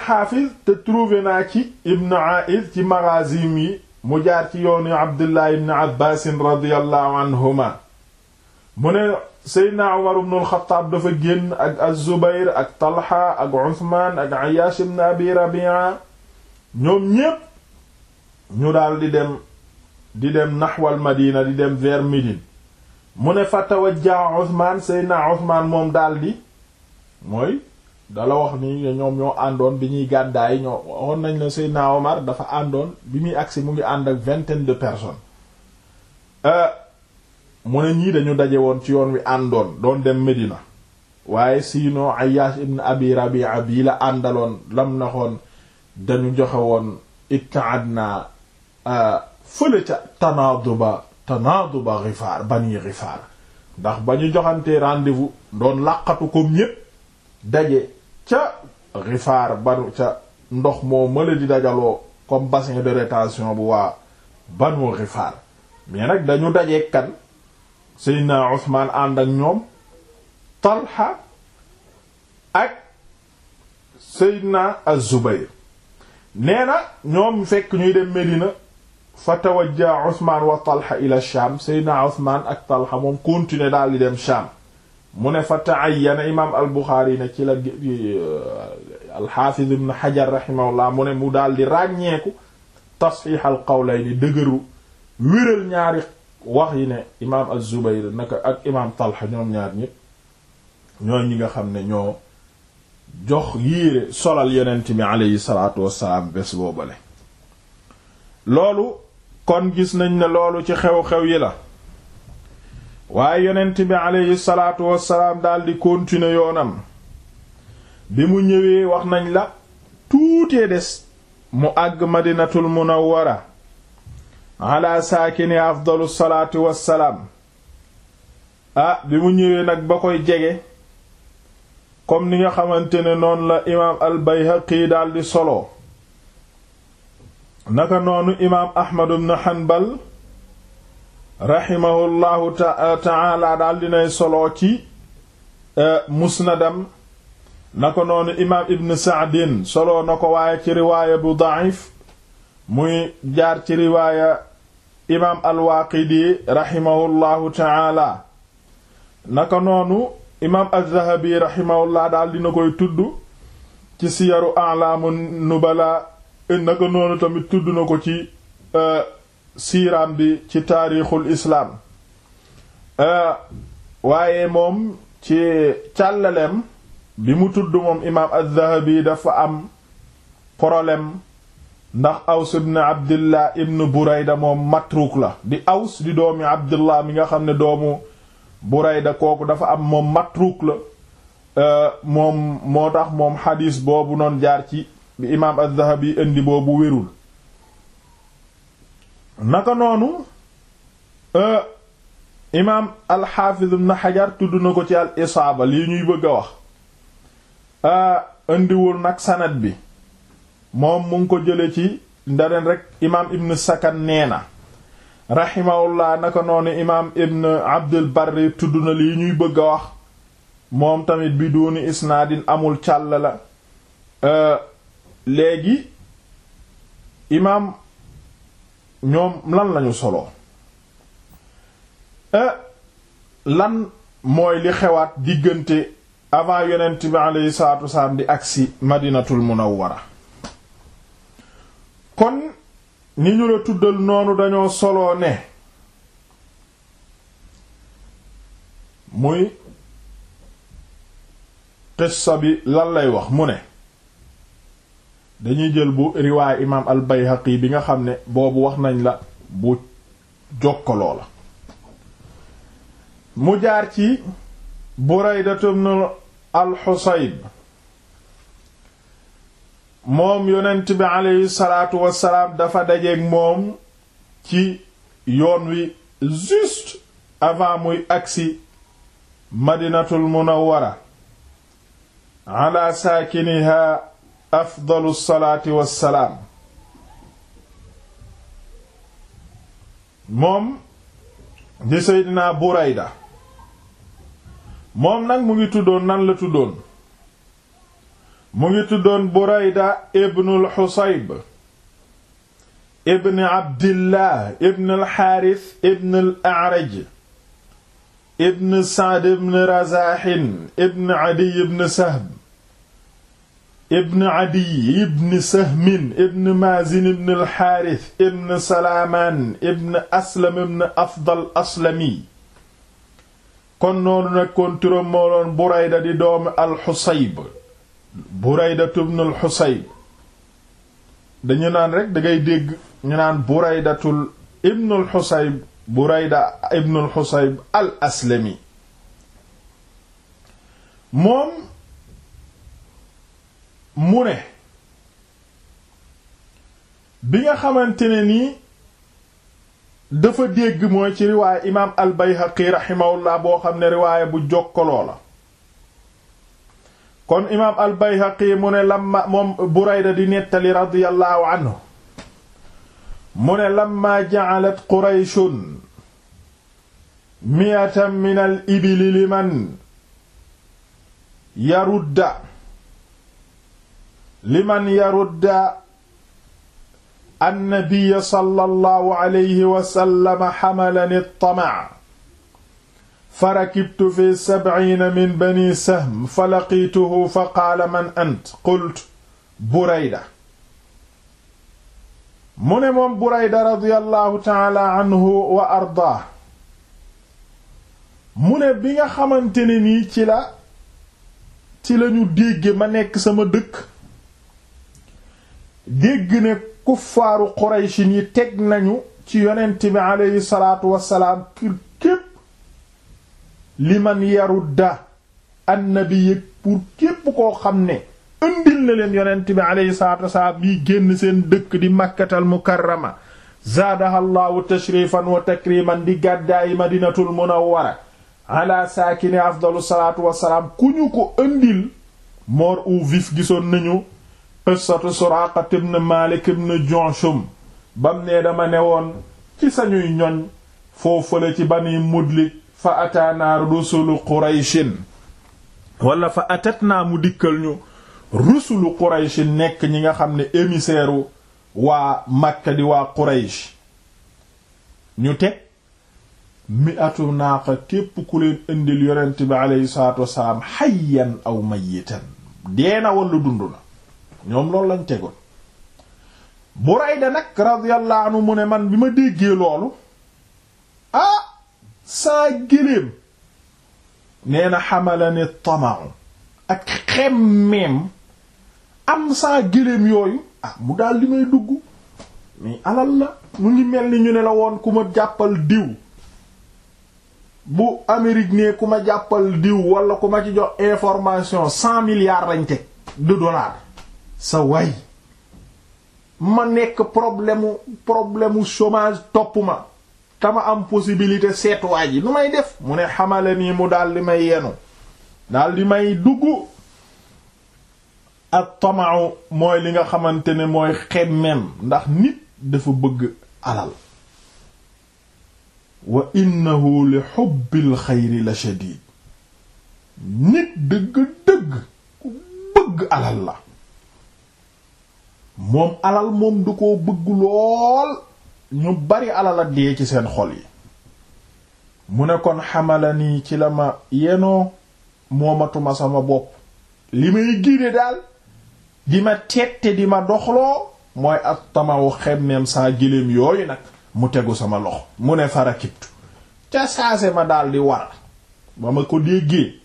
te trouvé naa ci Ibn A'iz ci magazim yi mu jaar ci yoonu Abdullah ibn Abbas radiyallahu anhuma mu ne Seydina Umar ibn al-Khattab dafa génn ak az ak Talha ak Uthman ak Ayyash ibn Abi Rabi'a ñoom ñépp ñu daal di dem di dem naxwal madina di dem vers Médine mu ne fa tawajjaa Usmaan Seydina Usmaan moom daldi mooy dala wax ni ñoom ñoo àndoon bi ñuy gàddaay ñoo waxoon nañ ne Seydina Omar dafa àndoon bi muy agsi mu ngi ànd ak vingtaine de person euh, mu ne ñii dañu daje woon ci yoon wi àndoon doon dem Médina waaye sinon Ayyash ibn Abi Rabi'a yi la àndaloon lam naxoon dañu joxe woon ibtaadna euh, fële ca tanaaduba tanaaduba rifaar bani rifaar ndax bañu ñu joxantee rendez doon làqatu comme ñépp daje ca rifaar banu ca ndox moo mala di dajaloo comme bassin de rétention bu waa banu rifaar mais nag dañu daje kan Seydina Usmaan ànd ñoom Talha ak Seydina Az-Zubayr nee na ñoom fekk ñuy dem Medina fa tawajja Usmaan wa Talha ila Shaam Seydina Usmaan ak Talha moom continuer daal di dem Shaam mu ne fa ta'ayyana imaam al-Buxaari ne ci la euh, al-Haafiz ibn Hajar rahimahullah mu ne mu daal di ràññeeku tasxiix al-qawlayni dëgëru wéral ñaari wax yi ne imaam az-Zubayr naka ak imaam Talha ñoom ñaar ñépp ñoo ñi nga xam ne ñoo jox yéere solal yonent bi aleyhi salaatu wassalaam bés boobale loolu kon gis nañ ne loolu ci xew-xew yi la waaye yonent bi aleyhi salaatu wassalaam daldi continuer yoonam bi mu ñëwee wax nañ la tuutee des mu àgg madinatul munawwara ala saakini afdalu salaatu wassalaam ah bi mu ñëwee nag ba koy jege comme ni nga xamante ne noonu la imaam al-Bayhaqi daldi solo naka noonu imaam Ahmad ibn Hanbal rahimahullahu euh, ta'ala daldi nay solo ci euh, musnadam naka noonu imaam Ibn Sa'din solo na ko waaye ci riwaaya bu da'if muy jaar ci riwaaya imaam al-Waaqidi rahimahullahu ta'ala naka noonu. imaam az-Zahabi rahimahullah daal dina koy tudd ci siyaru a'lamu nubala naka noonu tamit tudd na ko ci euh, siiraam bi ci taarixul islaam euh, waaye moom ci càllaleem bi mu tudd moom imaam az-Zahabi dafa am problème ndax aws ibn abdillah ibn burayda moom matruk la di aws di doomi abdillah mi nga xam ne doomu Burayda kooku dafa am moom matruk la euh, moom moo tax moom xadiis boobu noon jaar ci bi imaam az-Zahabi indi boobu wérul naka noonu euh, imaam al-Hafiz ibn tudd na ko ci al isaaba lii ñuy bëgg a wax euh, indiwul nag sanad bi moom mu ko jële ci ndareen rek imaam ibn Sakan nee na rahimahullah naka noonu imaam ibn abdul barri tudd na lii ñuy bëgg a wax moom tamit bi duuni isnaadin amul càll la euh, léegi imaam ñoom lan lañu solo euh, lan mooy li xewaat diggante avant yonent bi aleyhi salaatu wasalaam di agsi madinatul munawwara kon ni ñu la tuddal noonu dañoo soloo ne muy qissa bi lan lay wax mu ne dañuy jël bu riwaay imaam al yi bi nga xam ne boobu wax nañ la bu jokkaloo la mu jaar ci buraydatu ibn al xusayb moom yonent bi aleyhi salaatu wassalaam dafa dajeeg moom ci yoon wi juste avant muy agsi madinatul munawwara ala saakiniha afdalu salaati wassalaam moom di seydina burayda moom nag mu ngi tuddoon nan la tuddoon mu ngi tuddoon Burayda ibnul Xusayb ibn Abdillah ibn al-Xaaris ibn al-A'raj ibn Sa'd ibn Razaaxin ibn Adiy ibn Sahm ibn Adiy ibn Sahmin ibn Maazin ibn al-Xaaris ibn Salaamaan ibn Aslam ibn Afdal Aslami kon noonu nekkoon turam moo doon di doomi al-Xusayb buraydatu bnul xusayb dañu naan rek dangay dégg ñu naan buraydatul ibnul xusayb burayda ibnul xusayb al aslami moom mu ne bi nga xamante ne nii dafa dégg mooy ci riwaaya imaam al bayhaqi raximahullah boo xam ne riwaaya bu jokkaloo la kon imaam al-Bayhaqi mu ne lamma moom Burayda di nettali radiyallahu anhu mu ne lamma ja'alat Qurayshun miyatan min al-ibili liman yarudda liman yarudda an-nabiyya sallallahu alayhi wa sallam hamalan at-tama' farakibtu fi sab'iina min bani sahm fa laqiituhu fa qaala man ant qultu burayda mu ne moom burayda radiyallahu taala anhu wa ardaa mu ne bi nga xamante ne nii ci la ci lañu dégge ma nekk sama dëkk dégg ne kuffaaru quraysh yi teg nañu ci yonent bi aleyhi salaatu wassalaam képp liman yarudda annabi pour képp koo xam ne ëndil na leen yonent bi alayhi salaatu wasalaam yi génn seen dëkk di makkatal mukarrama zaadaha llahu tashrifan wa takriman di gàddaayi madinatul munawwara ala saakini afdalu salaatu wasalaam ku ñu ko indil mort ou vif gisoon nañu qissatu Suraaqa ibn Maalik ibn Junshum bam ne dama newoon ci sañuy ñoñ foofale ci bani Mudlik fa ataanaa rusulu qurayshin wala fa atat naa mu dikkal ñu rusulu qurayshin nekk ñi nga xam ne émissaire u waa Makka waa Quraysh ñu teg mi atu naaqa képp ku leen indil yonent bi aleyhi salaatu wasalaam xayyan aw mayitan deena wallu dund na ñoom loolu lañ tegoon Burayda nag radiyallahu mu ne man bi ma déggee loolu ah, saa géléem nee na xamalani tamau ak xemmeem am saa géléem yooyu ah mu daal li may dugg mais alal la mu ngi mel ni ñu ne la woon ku ma jàppal diw bu Amérique ne ku ma jàppal diw walla ku ma ci jox information cent milliards lañ teg de dollars sa way ma nekk problème problème chômage topp ma tama am possibilité seetuwaay ji lu may def mu ne xamale nii mu daal di may yenu daal di may dugg ak tamau mooy li nga xamante ne mooy xemmem ndax nit dafa bëgg alal wa innahu li xubbil xayri la shadid nit dëgg-dëgg ku bëgg alal la moom alal moom du ko bëgg lool ñu bari alal a dee ci seen xol yi mu ne kon xamala nii ci la ma yenoo moomatuma sama bopp li may génne daal di ma tette di ma doxloo mooy ak tamawu xemmeem saa géléem yooyu nag mu tegu sama loxo mu ne farakibtu ca saase ma daal di war ba ma ko déggee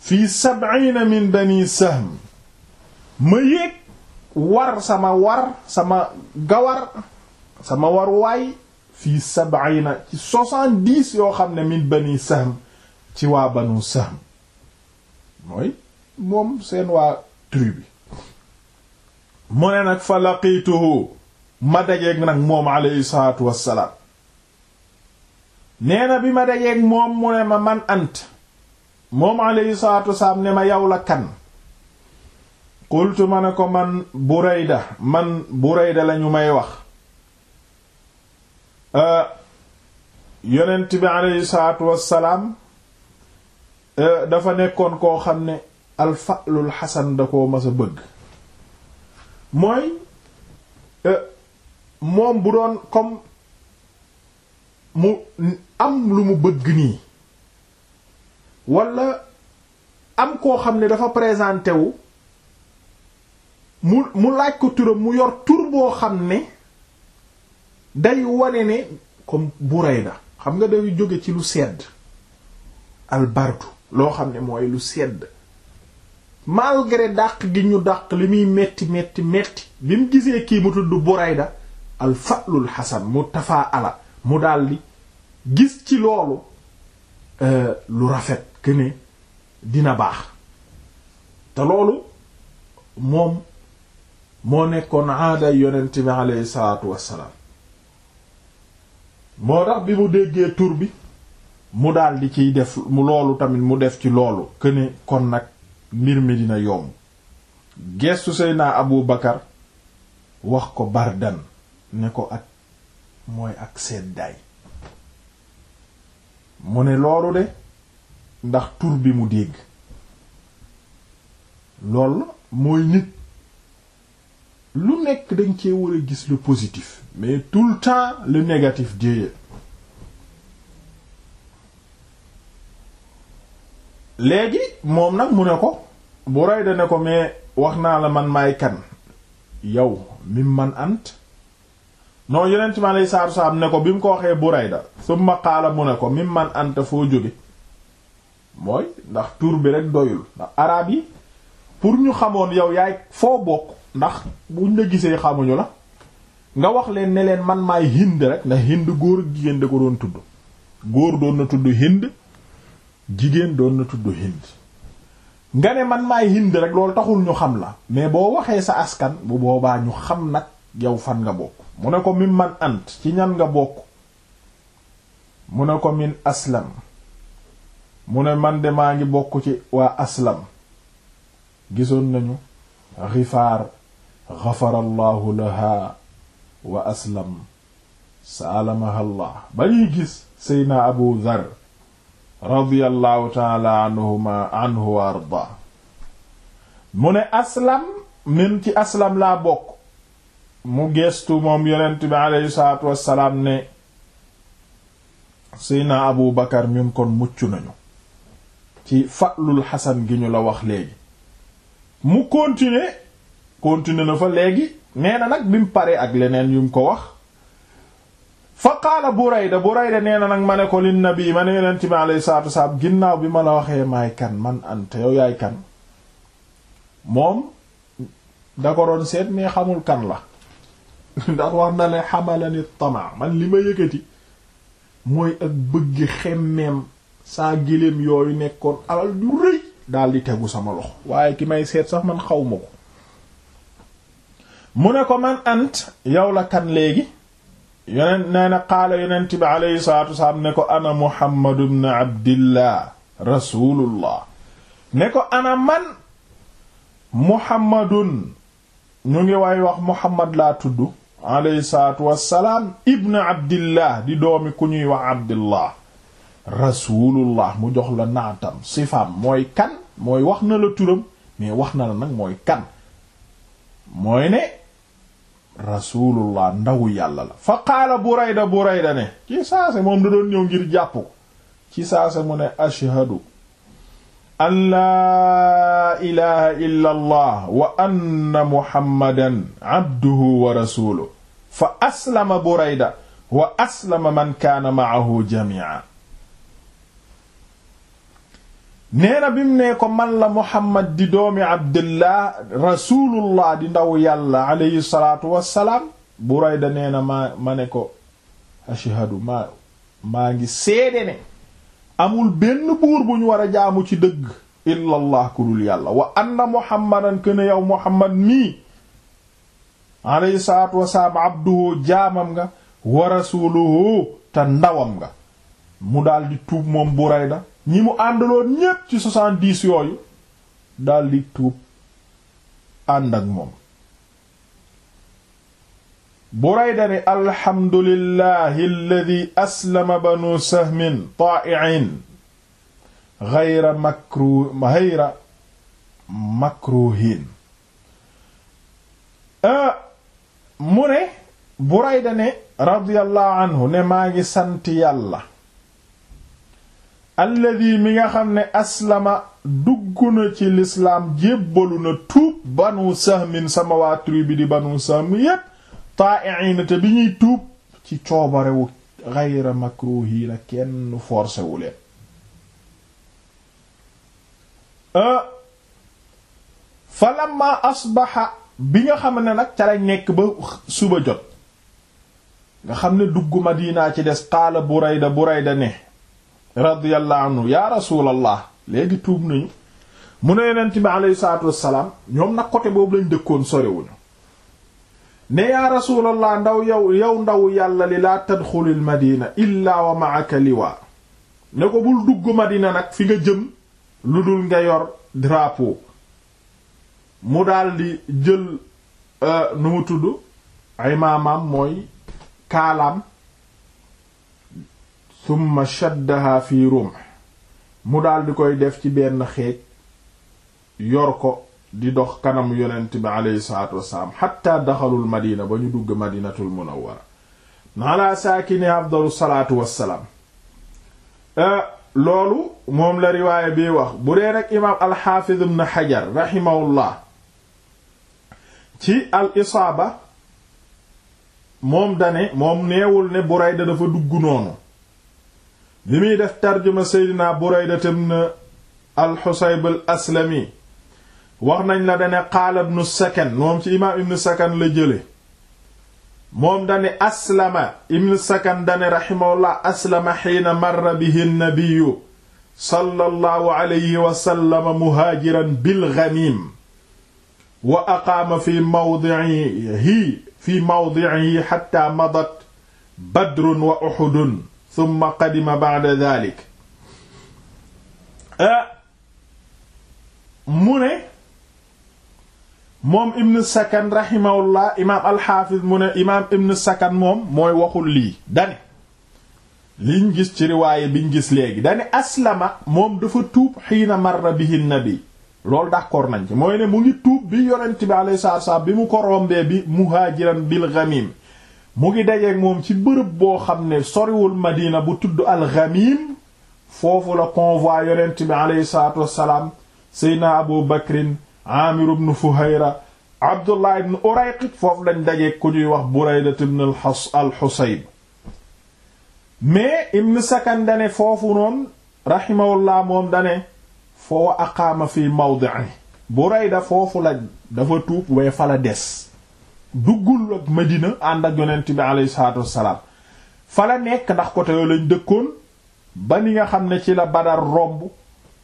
fii sab'ina min bani sahm ma yéeg war sama war sama gawar sama waruwaay fii sab'ina ci soixante-dix yoo xam ne min bani sahm ci waa banu sahm mooy moom seen waa tribu bi mu ne nag fa laqituhu ma dajeeg nag moom alayhi salaatu wassalaam nee na bi ma dajeeg moom mu ne ma man ant moom alayhi salaatu wassalaam ne ma yow la kan qultu ma ne ko man burayda man burayda lañu may wax Euh, yonent bi aleyhi salaam euh, dafa nekkoon koo xam ne alfa'lul xasan da koo mas a bëgg mooy euh, moom bu doon comme mu am lu mu bëgg nii walla am koo xam ne dafa présenté wu mu mu laaj ko turam mu yor tur boo xam ne day wane ne comme Burayda xam nga day jóge ci lu sedd albardu loo xam ne mooy lu sedd malgré dàq gi ñu dàq li muy metti metti metti bi mu gisee kii mu tudd Burayda al fatlul xasan mu tafaa ala mu daldi gis ci loolu euh, lu rafet que ne dina baax te loolu moom moo nekkoon aada yonent bi aleyhi salaatu wassalaam moo tax bi mu déggee tur bi mu daldi di ciy def mu loolu tamit mu def ci loolu que kon nag mbir mi dina yomb gestu Seydina Abu Bakar wax ko bardan ne ko ak mooy ak seddaay mu ne loolu de ndax tur bi mu dégg loolu mooy nit lu nekk dañ cee war a gis lu positif mais tout le temps le négatif jéye léegi moom nag mu ne ko Burayda ne ko mais wax naa la man maay kan yow mim man ant noonu yonent mi aleyhi salaatu salaam ne ko bi mu ko waxee Burayda summa qaala mu ne ko mim man ant foo jóge mooy ndax tuur bi rek doyul ndax araab yi pour ñu xamoon yow yaay foo bokk ndax buñ la gisee xamuñu la nga wax leen ne leen man maay hind rek ndax hind góor ak jigéen da ko doon tudd góor doon na tudd hind jigéen doon na tudd hind nga ne man maay hind rek loolu taxul ñu xam la mais boo waxee sa askan bu boobaa ñu xam nag yow fan nga bokk mu ne ko min man ant ci ñan nga bokk mu ne ko min aslam mu ne man de maa ngi bokk ci waa aslam gisoon nañu xifaar xafarallahu laha wa aslam saalamaha llah ba gis seydna abu dhar radiallahu taala anhuma anhu mu ne aslam min ci aslam laa bokk mu geestu moom yonent bi aleyhi salaatu wassalaam ne seydna abu bakar ñun kon mucc nañu ci fatlul xasan gi ñu la wax léegi mu continuer continuer na fa léegi nee na nag bi mu paree ak leneen yu mu ko wax fa qaala Burayda Burayda nee na nag ma ne ko lin nabi ma ne yonent bi alayhi ginnaaw bi ma la waxee maay man anta yow moom da ko doon seet xamul kan la ndax wax na ne xamalani man li ma yëkkati mooy ak bëgg xemmeem saa giléem yooyu nekkoon alal du rëy daal di tegu sama loxo waaye ki may seet sax man xaw ma ko mu ne ko man ant yow la kan léegi yonent nee na qaala yonent bi aleyhi salatu ne ko ana muhammadu bnu abdillah rasulullah ne ko ana man muhammadun ñu ngi way wax muhammad laa tudd aleyhi salatu wasalaam ibnu abdillah di doomi ku ñuy wax abdillah rasulullah mu jox la naatam sifaam mooy kan mooy wax na la turam mais wax na la nag mooy kan mooy ne rasulullah ndawu yàlla la fa qaala burayda burayda ne ci saase moom da doon ñëw ngir jàpp ci saase mu ne ashhadu an laa ilaha illa allah wa anna muhammadan abduhu wa rasuluhu fa aslama burayda wa aslama man kaana ma'ahu jami'an nee na bi mu nee ko man la Muhammad di doomi Abdullah rasulullah di ndaw yàlla alayhi salaatu wassalaam Burayda nee na maa ma ne ko ashhadu maa maa ngi seede ne amul benn buur bu ñu war a jaamu ci dëgg illallah ku dul yàlla wa anna Muhammadan kana yow Muhammad mii alayhi salaatu wassalaam abduhu jaamam nga wa rasuluhu te ndawam nga mu daal di tuub moom Burayda ñi mu àndaloon ñépp ci soixante-dix yooyu daldi tuub ànd ak moom Burayda ni alhamdulillahi alladi aslama banu sahmin taa'iin ah, mu ne Burayda ne radiyallahu anhu ne maa ngi sant yàlla alladi mi nga xam ne aslama dugg na ci lislaam jébbalu na tuub banu sahmin sama waa tribu di banu sahmin yépp taa'iina te bi ñuy tuub ci coobarewu gayra makruhiina kenn forcé wu leen euh, fa lamma asbaxa bi nga xam ne nag ca la nekk ba suba jot nga xam ne dugg ma Madina ci des qaala Burayda Burayda ne radiyallahu anhu ya rasulallah léegi tuub nañu mu ne yonent bi aleyhi salaatu wassalaam ñoom nag côté boobu lañ dëkkoon sorewuñu ne yaa rasulallah ndaw yow yow ndaw yàlla li laa tadxulil madina illaa wa ma'aka liwaa ne ko bul dugg madina nag fi nga jëm lu dul nga yor drapeau mu daldi jël euh, nu mu tudd ay maamam mooy kaalaam summa shaddaha fi rumh mu daldi koy def ci benn xeej yor di dox kanamu yonent bi aleyhi salaatu wassalaam xatta daxalul madina ba ñu dugg madinatul munawwara ala saakini afdalu salaatu wassalaam euh, loolu moom la riwaaya bi wax bu dee nag imaam alxaafiz ibn xajar raximahullah ci al isaaba moom dane moom neewul ne burayda dafa dugg noonu bi muy def tarjuma seydina Burayda ibn al-Husayb al-Aslami wax nañ la dane qaala ibnu Sakan moom ci imaam ibnu Sakan la jële moom dane aslama ibnu Sakan dane raximahullah aslama xiina marra bihi nnabiyu sallallahu alayhi wa sallam muhaajiran bil ghaniim wa aqaama fi mawdi'ihi fi mawdi'ihi xatta madat badrun wa uhudun thumma qadima ba'da dhalik ah, mu ne moom ibn sakan rahimahullah imaam alxaafiz mu ne imaam ibn sakan moom mooy waxul lii dane liñ gis ci riwaaye biñ gis léegi dane aslama moom dafa tuub xiina marra bihi nabi loolu d'accord nañ ci mooy ne mu ngi tuub bi yonent bi alayhi salaatu bi mu ko rombee bi muhaajiran bil ghamim mu ngi dajeeg moom ci bërëb boo xam ne soriwul Madina bu tudd al-Ghamim foofu la convoi yonent bi aleyhi salaatu wassalaam Seydina Abu Bakrin Amir ibn Fuhayra Abdullah ibn Urayqit foofu lañ dajeeg ku ñuy wax Burayda ibn al-Husayb mais Ibn Sakan dane foofu noonu rahimahullah moom dane foo aqaama fi mawdi'i Burayda foofu la dafa tuub waaye fa des duggul ak Medina ànd ak yonent bi alayhi salaatu wassalaam fa nekk ndax côté yooyu lañ dëkkoon ba ni nga xam ne ci la Badar romb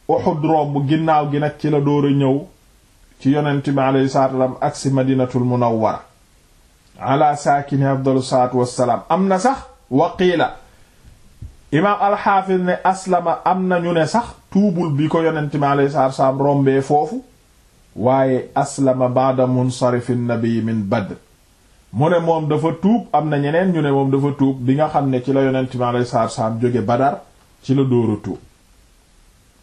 Uhud romb ginnaaw gi nag ci la door ñëw ci yonent bi alayhi salaatu wassalaam ak si Madinatul Munawwara ala saakini afdalu salaatu wassalaam am na sax waqiila imaam alxaafis ne aslama am na ñu ne sax tuubul bi ko yonent bi alayhi salaatu wassalaam rombee foofu waaye aslama ba'da munsarifi nabi min Badr mu ne moom dafa tuub am na ñeneen ñu ne moom dafa tuub bi nga xam ne ci la yonent mi alayhi salaatu salaam jóge ci la dóora tuub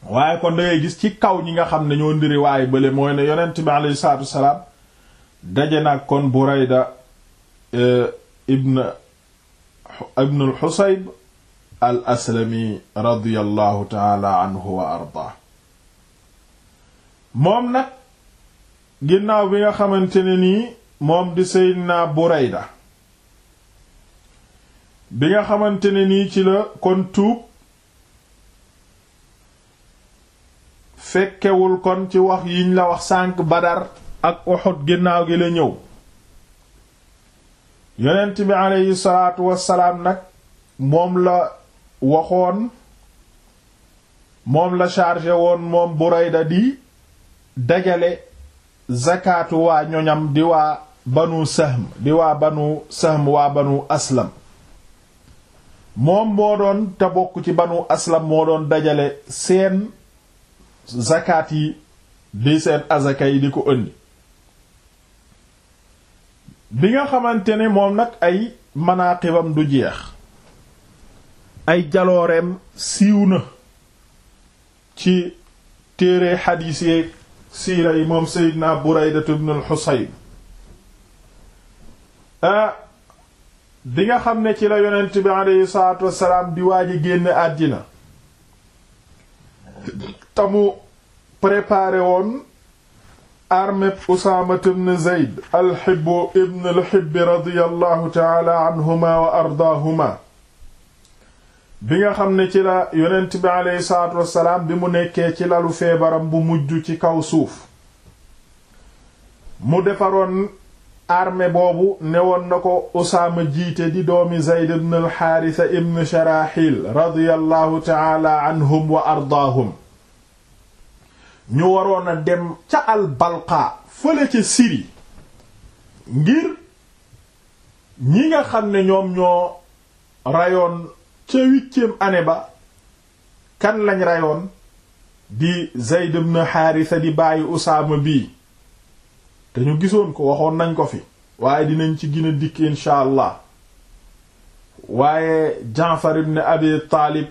waaye kon da ngay ci kaw ñi nga xam ne ñoo ndiri waaye bële mooy ne yonent mi alayhi salaatu salaam daje nag kon Burayda eh, ibn ibn al-Husayb al aslami radiyallahu taala anhu wa arda moom nag ginnaaw bi nga xamante ne nii moom di Seydina Burayda bi nga xamante ne nii ci la kon tuub fekkewul kon ci wax yiñ la wax sànq Badar ak Uhud ginnaaw gi la ñëw yonent bi aleyhi salaatu wassalaam nag moom la waxoon moom la chargé woon moom Burayda di dajale zakaatu waa ñoñam di waa banu sahm di waa banu sahm waa banu aslam moom moo doon te bokk ci banu aslam moo doon dajale seen zakaat yi di seen azaka yi di ko ëndi bi nga xamante ne moom nag ay manaaqibam du jeex ay jalooreem siiw na ci téere xadiis siira yi moom Seydina Buraydatu ibn al-Husayb bi nga xam ne ci la yonent bi aleyhi salaatu wassalaam di waaj a génn àddina tamu préparé woon armée Usaama ibn Zayd al-Hibb ibn al-Hibb radiyallahu ta'ala anhuma wa ardaahuma bi nga xam ne ci la yonent bi aleyhi salaatu bi mu nekkee ci lalu feebaram bu mujj ci kaw suuf mu defaroon armée boobu newoon na ko Usaama jiite di doomi Zayd ibn al-Haarisa Sharaxil radiyallahu taala anhum wa ardaahum ñu waroon a dem ca al-Balqa fële ca Syrie ngir ñi nga xam ne ñoom ñoo rayoon ca huitième année ba kan lañ reyoon di Zayd ibn Haarisa di bàyyi Usaama bii te ñu gisoon ko waxoon nañ ko fi waaye dinañ ci gën dikk incha allah waaye Jaafar ibn Abi Taalib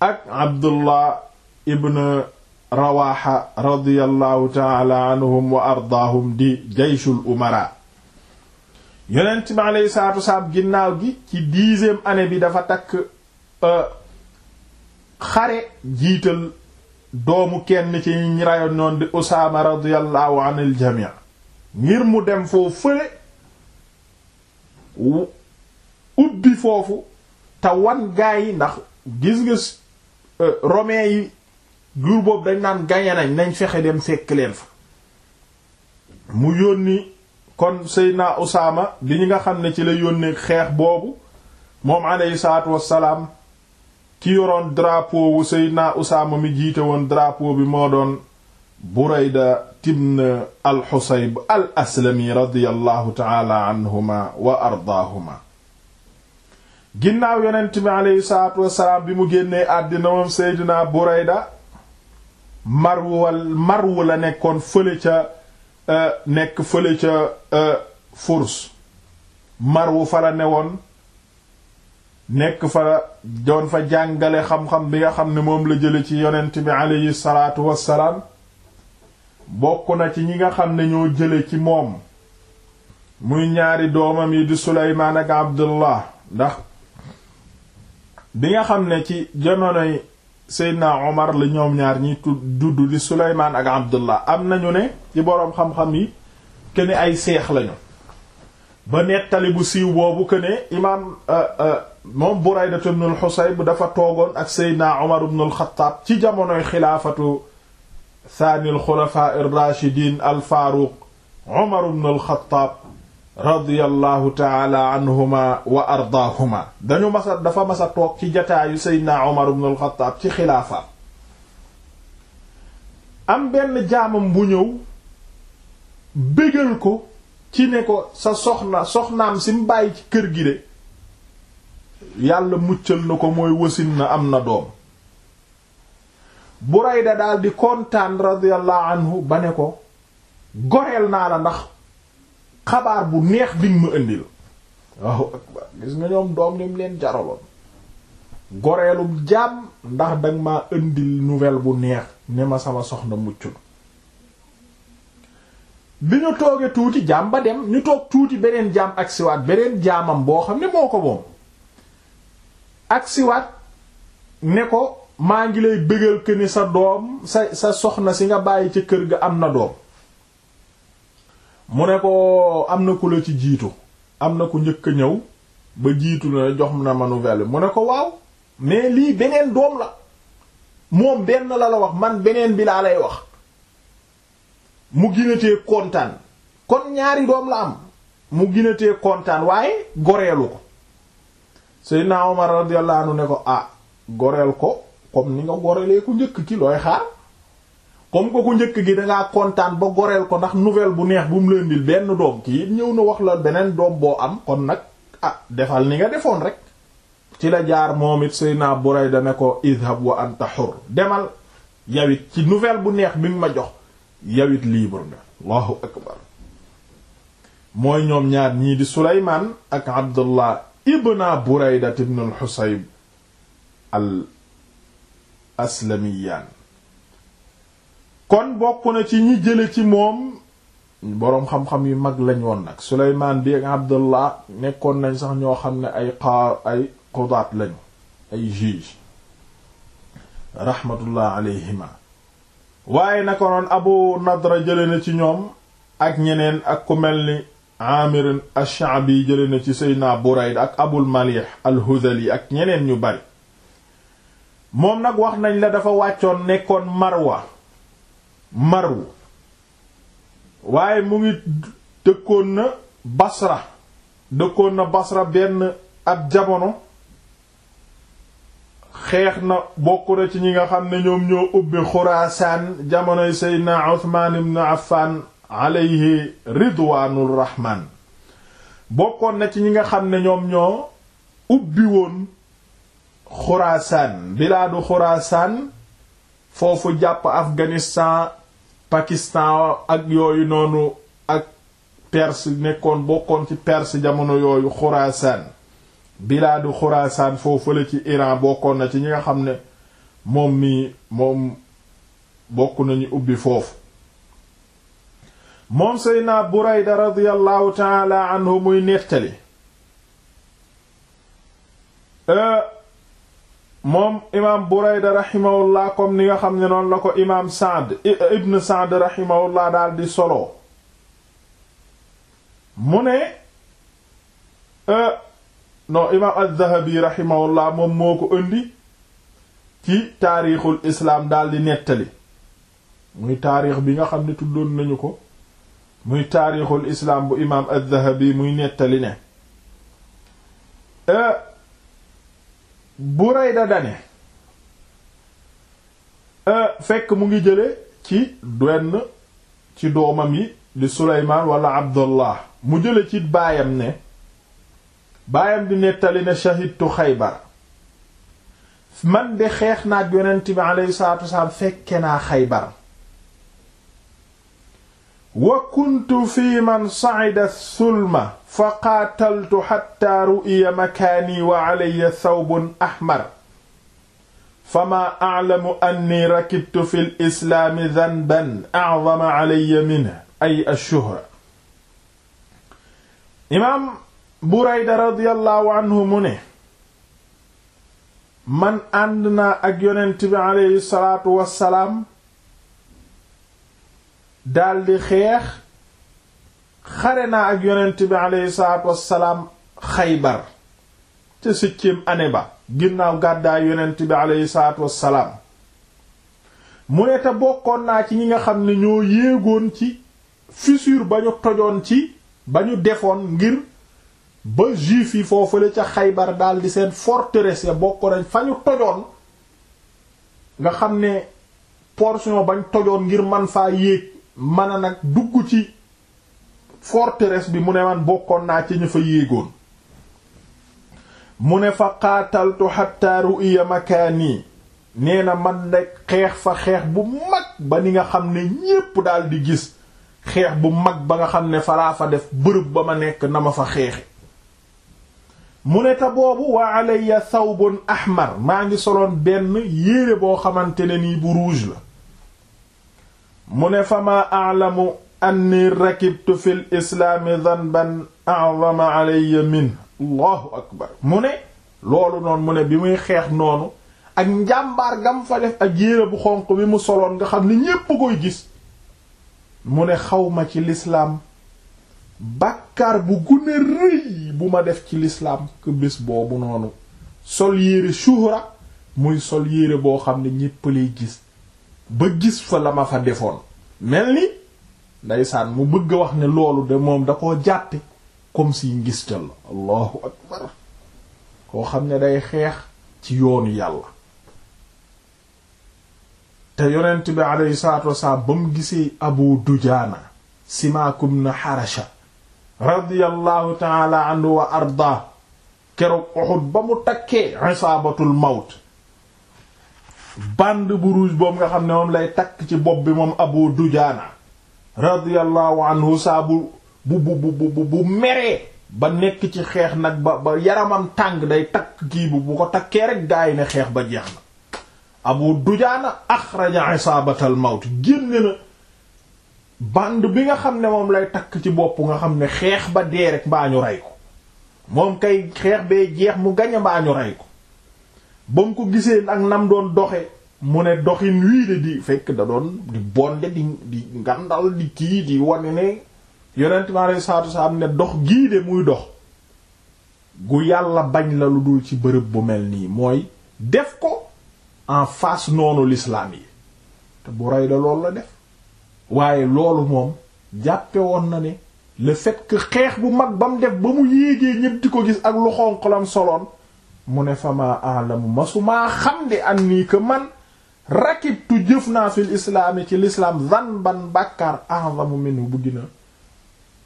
ak Abdullah ibn Rawaha radiyallahu taala anhum wa ardaahum di jayshul umara yonent bi aleyhi salaatu wasalaam ginnaaw gi ci dixième année bi dafa takk xare jiital doomu kenn ci ñi rayoon noon di Usaama radiyallahu anil jamii ngir mu dem foofu fële ubbi foofu te wan gay ndax gis nga euh, romin yi jur boobu dañ naan gañe nañ nañ fexe dem fekk leen fa mu yónni kon sëy naa Usaama li ñu nga xam ne ci la yónnee xeex boobu moom alayhi salaatu wassalaam ki yoroon drapeau wu mi jiite woon drapeau bi moo doon burayda ibn al xusayb taala anhuma wa ardaahuma ginnaaw yonent bi mu génnee àddina moom seydna burayda marwal marwu la nekkoon fële ca euh, ca euh, furs marwu fa la newoon nekk fa doon fa jàngale xam-xam bi nga xam ne moom la jële ci yonent bi aleyhi salaatu wassalaam bokk na ci ñi nga xam ne ñoo jële ci moom muy ñaari doomam yi di suleymaan ak abdullah ndax bi nga xam ne ci jamonoy seydna omar la ñoom ñaar ñi dudd di suleymaan ak abdullah am nañu ne ci boroom xam-xam yi kene ay seex lañu ba nettali bu siiw boobu kene imaam euh, euh, moom Buraydatu ibnul Xusayb dafa toogoon ak Seydina Omar ci jamonoy xilaafatu saanil xulafaa ar-raashidiin al-Faaruq Omar ibnul dafa masa toog ci jataayu Seydina Omar ibnul Xattaab ci xilaafa am benn jaamam ñëw bégal ko ci ne ko sa soxna bàyyi ci kër gi de yàlla muccal na ko mooy wasin na am na doom Burayda daal di kontaan radiyallahu anhu ba ne ko goreel naa la ndax xabaar bu neex biñ ma indil waaw gis nga ñoom doom nim leen jaraloon goreelum jaam ndax dag ma indi nouvelle bu neex ne ma sama soxna muccul bi ñu toogee tuuti jaam ba dem ñu toog tuuti beneen jaam ak siwaat beneen jaamam boo xam ne moo ko moom agsiwaat ne ko maa ngi lay bëggal que ni sa doom sa soxna si nga bàyyi ca kër ga am na doom mu ne ko am na ku la ci jiitu am na ku njëkk a ñëw ba jiitu la jox na ma nouvelle mu ne ko waaw mais lii beneen doom la moom benn la la wax man beneen bi laa lay wax mu ginatee kontaan kon ñaari doom la am mu ginatee kontaan waaye goreelu ko Seydina Omar radiyallahu anhu ne ko ah goreel ko comme ni nga gorelee ku njëkk ki looy xaar comme ko ku njëkk gi dangaa kontaan ba goreel ko ndax nouvelle bu neex bu mu leen benn doom kii ñëw na wax la beneen doom boo am kon nag ah defal ni nga defoon rek ci la jaar moom it Seydina Burayda ne ko idhab wa anta hur demal yawit ci nouvelle bu neex bi mu ma jox yawit libre nga allahu akbar mooy ñoom ñaar ñii di Sulaymaan ak Abdullah naa buraydat ibn al xusayb al aslamiyaan kon bokk na ci ñi jële ci moom boroom xam-xam yu mag lañ woon nag suleymaan bi ak abdullah nekkoon nañ sax ñoo xam ne ay xaar ay xudaat lañu ay juge rahmatullah alayhima waaye naka noon abu nadra jële na ci ñoom ak ñeneen ak ku mel ni Amir ash-Sha'bi jële na ci Seydina Burayd ak Abul Malih al-Hudhali ak ñeneen ñu bari moom nag wax nañ la dafa wàccoon nekkoon mar Marwa Marwu waaye mu ngi dëkkoon na Basra dëkkoon na Basra benn ab jamono xeex na bokk na ci ñi nga xam ne ñoom ñoo ubbi Xuraasaan jamonoy Seydina Usmaan ibn Affaan alayhi ridwaanur rahmaan bokkoon na ci ñi nga xam ne ñoom ñoo ubbi woon xuraasaan bilaadu xuraasaan foofu jàpp afghanistan pakistan ak yooyu noonu ak perse nekkoon bokkoon ci perse jamono yooyu xuraasaan bilaadu xuraasaan foofu la ci iran bokkoon na ci ñi nga xam ne moom mi moom bokk nañu ubbi foofu moom seydna burayda radiyallahu taala anhu muy nettali euh, moom imaam burayda raximahullah comme ni nga xam ne noonu la ko imaam saad ibn saad raximahullah daal solo mu ne euh, non imaam az-zahabi raximahullah moom moo ko indi ci taarixul islaam daal nettali muy taarix bi nga xam ne tuddoon nañu ko muy taarixul islaam bu imaam al-Dhahabi muy nettali ne e, Burayda dane e, fekk mu ngi jële ci wenn ci doomam yi di Suleymaan wala Abdullah mu jële ci baayam ne baayam di nettali ne shahidtu Xaybar man de xeex naa ak yonent bi aleyhi salaatu wasalaam fekke naa Xaybar wa kuntu fi man sa'ida sulma fa qaataltu xatta ru'iya makaani wa alayya thawbun ahmar famaa a'lamu anni rakibtu fi lislaami danban a'zama alayya minhu ay ashuhra imaam burayda radiyallahu anhu mu ne man ànd naa ak yonent bi aleyhi salaatu wassalaam daldi xeex xare naa ak yonent bi aleyhi salaatu wassalaam xaybar ca septième année ba ginnaaw gàddaay yonent bi aleyhi salaatu wassalaam mu ne te bokkoon naa ci ñi nga xam ne ñoo yéegoon ci fissure ba ñu tojoon ci ba ñu defoon ngir ba juif yi foofale ca xaybar daldi seen forteresse ya bokk nañ fa ñu tojoon nga xam ne portion bañ tojoon ngir man faa yéeg mën a dugg ci forteresse bi mu ne man bokkoon naa ci ñu fa yéegoon mu ne fa xaataltu xatta ru'iya makaani na man nag xeex fa xeex bu mag ba ni nga xam ne ñépp dal di gis xeex bu mag ba nga xam ne falaa fa def bërëb ba ma nekk na ma fa xeexe mu ne ta boobu waa alayya thawbun ahmar maa ngi soloon benn yéere boo xamante ne nii bu rouge la mu ne famaa alamu anni rakibtu fil islaami danban a'zama alayya allahu akbar mu ne loolu noonu mu ne bi muy xeex noonu ak njàmbaar gam fa def ak yére bu xonq bi mu soloon nga xam ne ñépp koy gis mu ne xawma ci lislaam bàkkaar bu gune rëy bu ma def ci lislaam que boobu noonu sol yére shuhra muy sol yére boo xam ne ñépp lay gis ba gis fa la ma fa defoon mel ni ndaysaan mu bëgg a wax ne loolu de moom da koo jàtte comme si ngistal la allahu akbar koo xam ne day xeex ci yoonu yàlla te yonent bi alayhi ba mu gisee abu dujaana simaakum na xarasha radiyallahu taala anhu wa arda keroog ba mu takkee isaabatul mawt bande bu ruus boobu nga xam ne moom lay takk ci bopp bi moom Abu Dujaana radiyallahu anhu saa bu bu bu bu meree ba nekk ci xeex nag ba ba yaramam tàng day takk kii bu bu ko takkee rek gaay ne xeex ba jeex na Abu Dujaana axraja isaabatal mawt génne na bande bi nga xam ne moom lay takk ci bopp nga xam ne xeex ba dee rek mbaa ñu rey ko moom kay xeex bee jeex mu gañe mbaa ñu rey ko ba mu ko gisee nag nam doon doxe mu ne doxin wii de di fekk da doon di bonde di di ngandal di kii di wane ne yonent mi alei salatu wasalaam ne dox gii de muy dox gu yàlla bañ la lu dul ci bërëb bu mel nii mooy def ko en fas noonu lislaam yi te bu rey da loolu la def waaye loolu moom jàppe woon na ne le fait xeex bu mag ba mu def ba mu yéegee ñépp ko gis ak lu xonq lam soloon mu ne fama alamu masumaa xam di an nii que man rakibtu jëf naa fil islaami ci l'islam zan ban bàkkaar a'zamu minhu bu gën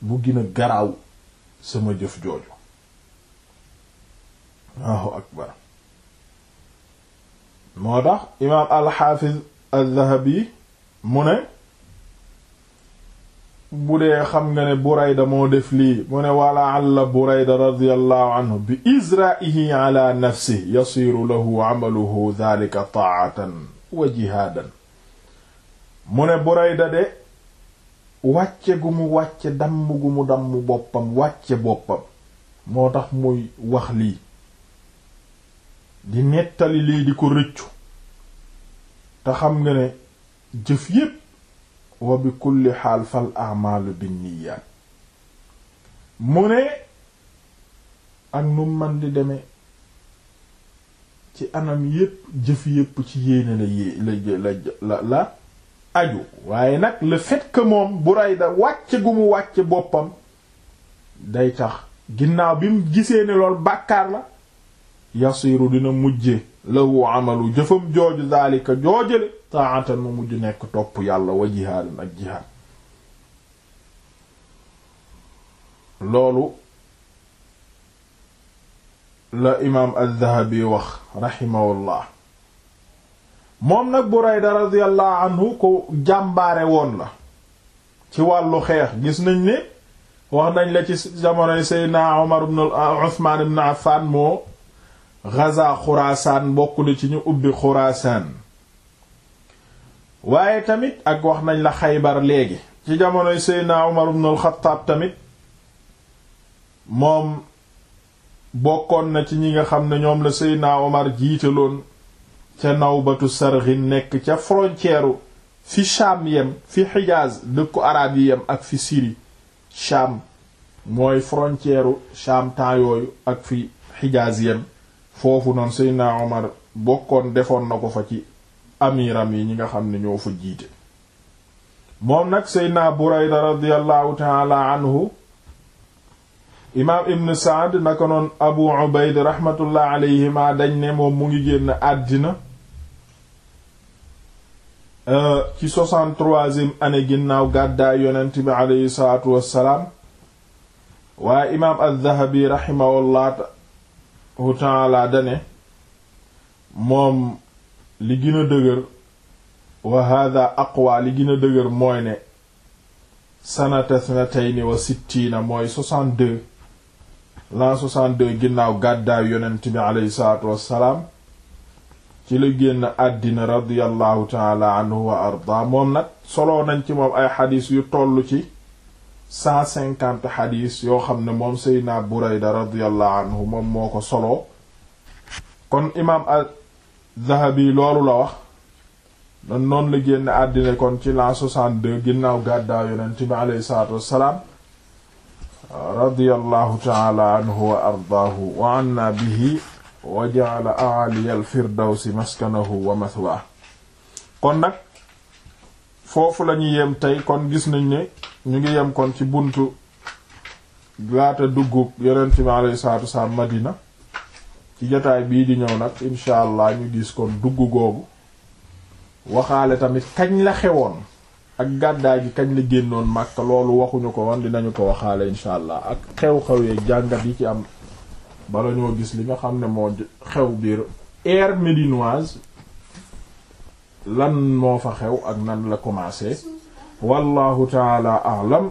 bu gën garaaw sama jëf jooju Allahu akbar moo tax imaam al-Hafiz al-Dhahabi mu ne bu dee xam nga ne Burayda moo def lii mu ne wala alla Burayda radiyallahu anhu bi izra'ihi ala nafsihi yasiru lahu amaluhu dhalika ta'atan wa jihaadan mu ne Burayda de wàcce gu mu wàcce damm gu mu damm boppam wàcce boppam moo tax muy wax lii di nettali lii di ko rëccu te xam nga ne jëf yépp wa bi kulli xaal fal amaalu binniyaat mu ne ak nu man di demee ci anam yépp jëf yépp ci yéene la yée la la aju waaye nag le fait que moom Burayda wàcce gu mu wàcce boppam day tax ginnaaw bi mu gisee ne lool bàkkaar la yasiru dina mujje lahu amalu jëfam jooju daalika joojale taatan mu mujj nekk topp yàlla wa jihaadan ak jihaad loolu la imaam al-Dhahabi wax raximahullah moom nag Burayda radiyallahu anhu ko jàmbaare woon la ci wàllu xeex gis nañ ni wax nañ la ci jamonoy Seydina Umar ibn ah, Uthman ibn Affan moo gaza Xuraasaan bokk na ci ñu ubbi Xuraasaan waaye tamit ak wax nañ la xaybar léegi ci jamonoy Seydina Umar ibn al-Khattab tamit moom bokkoon na ci ñi nga xam ne ñoom la Seydina Umar jiitaloon ca nawbatu sarxin nekk ca frontière fi Sham yem fi Hijaz dëkku arab yi yem ak fi Syrie Sham mooy frontière Sham temps yooyu ak fi Hijaz yem foofu noonu Seydina Umar bokkoon defoon na ko fa ci amiram yi ñi nga xam ne ñoo fa jiite moom nag seydna burayda radiallahu taala anhu imaam ibn saad naka noon abu ubayd rahmatullah alayhima dañ ne moom mu ngi génn àddina euh, ci soixante-troisième année ginnaaw gàddaay yonent bi aleyhi salaatu wassalaam waaye imaam al-Dhahabi rahimahullahu taala dane moom li gën dëgër wa hada aqwa li gën dëgër mooy ne sanata sanatayni wa sittiina mooy 62 l'an 62 ginnaaw gàddaayu yonent bi aleyhi salaatu wassalaam ci la génn àddina radiallahu taala anhu wa arda moom nag soloo nañ ci moom ay xadiis yu toll ci 150 xadiis yoo xam ne moom seydna burayda radiallahu anhu moom moo ko soloo kon imaam Zahabi loolu la wax dan la génn àddina kon ci l'an 62 ginnaaw gàddaa yonent bi aleyhi salaatu wassalaam radiyallahu taala anhu wa ardaahu wa anna bihi wa ja'ala a'aliya firdawsi maskanahu wa mathwaa kon nag foofu lañu yem tey kon gis nañ ni ñu ngi yem kon ci buntu laata duggub yonent bi aleyhi salaatu wassalaam Madina ci jotaay bii di ñëw nag incha allah ñu gis kon dugg googu waxaale tamit kañ la xewoon ak gàddaay gi kañ la génnoon Makka loolu waxuñu ko woon dinañu ko waxaale incha allah ak xew-xewee jàngat yi ci am bala ñoo gis li nga xam ne moo xew biir aire médinoise lan moo fa xew ak nan la commencé wallahu taala alam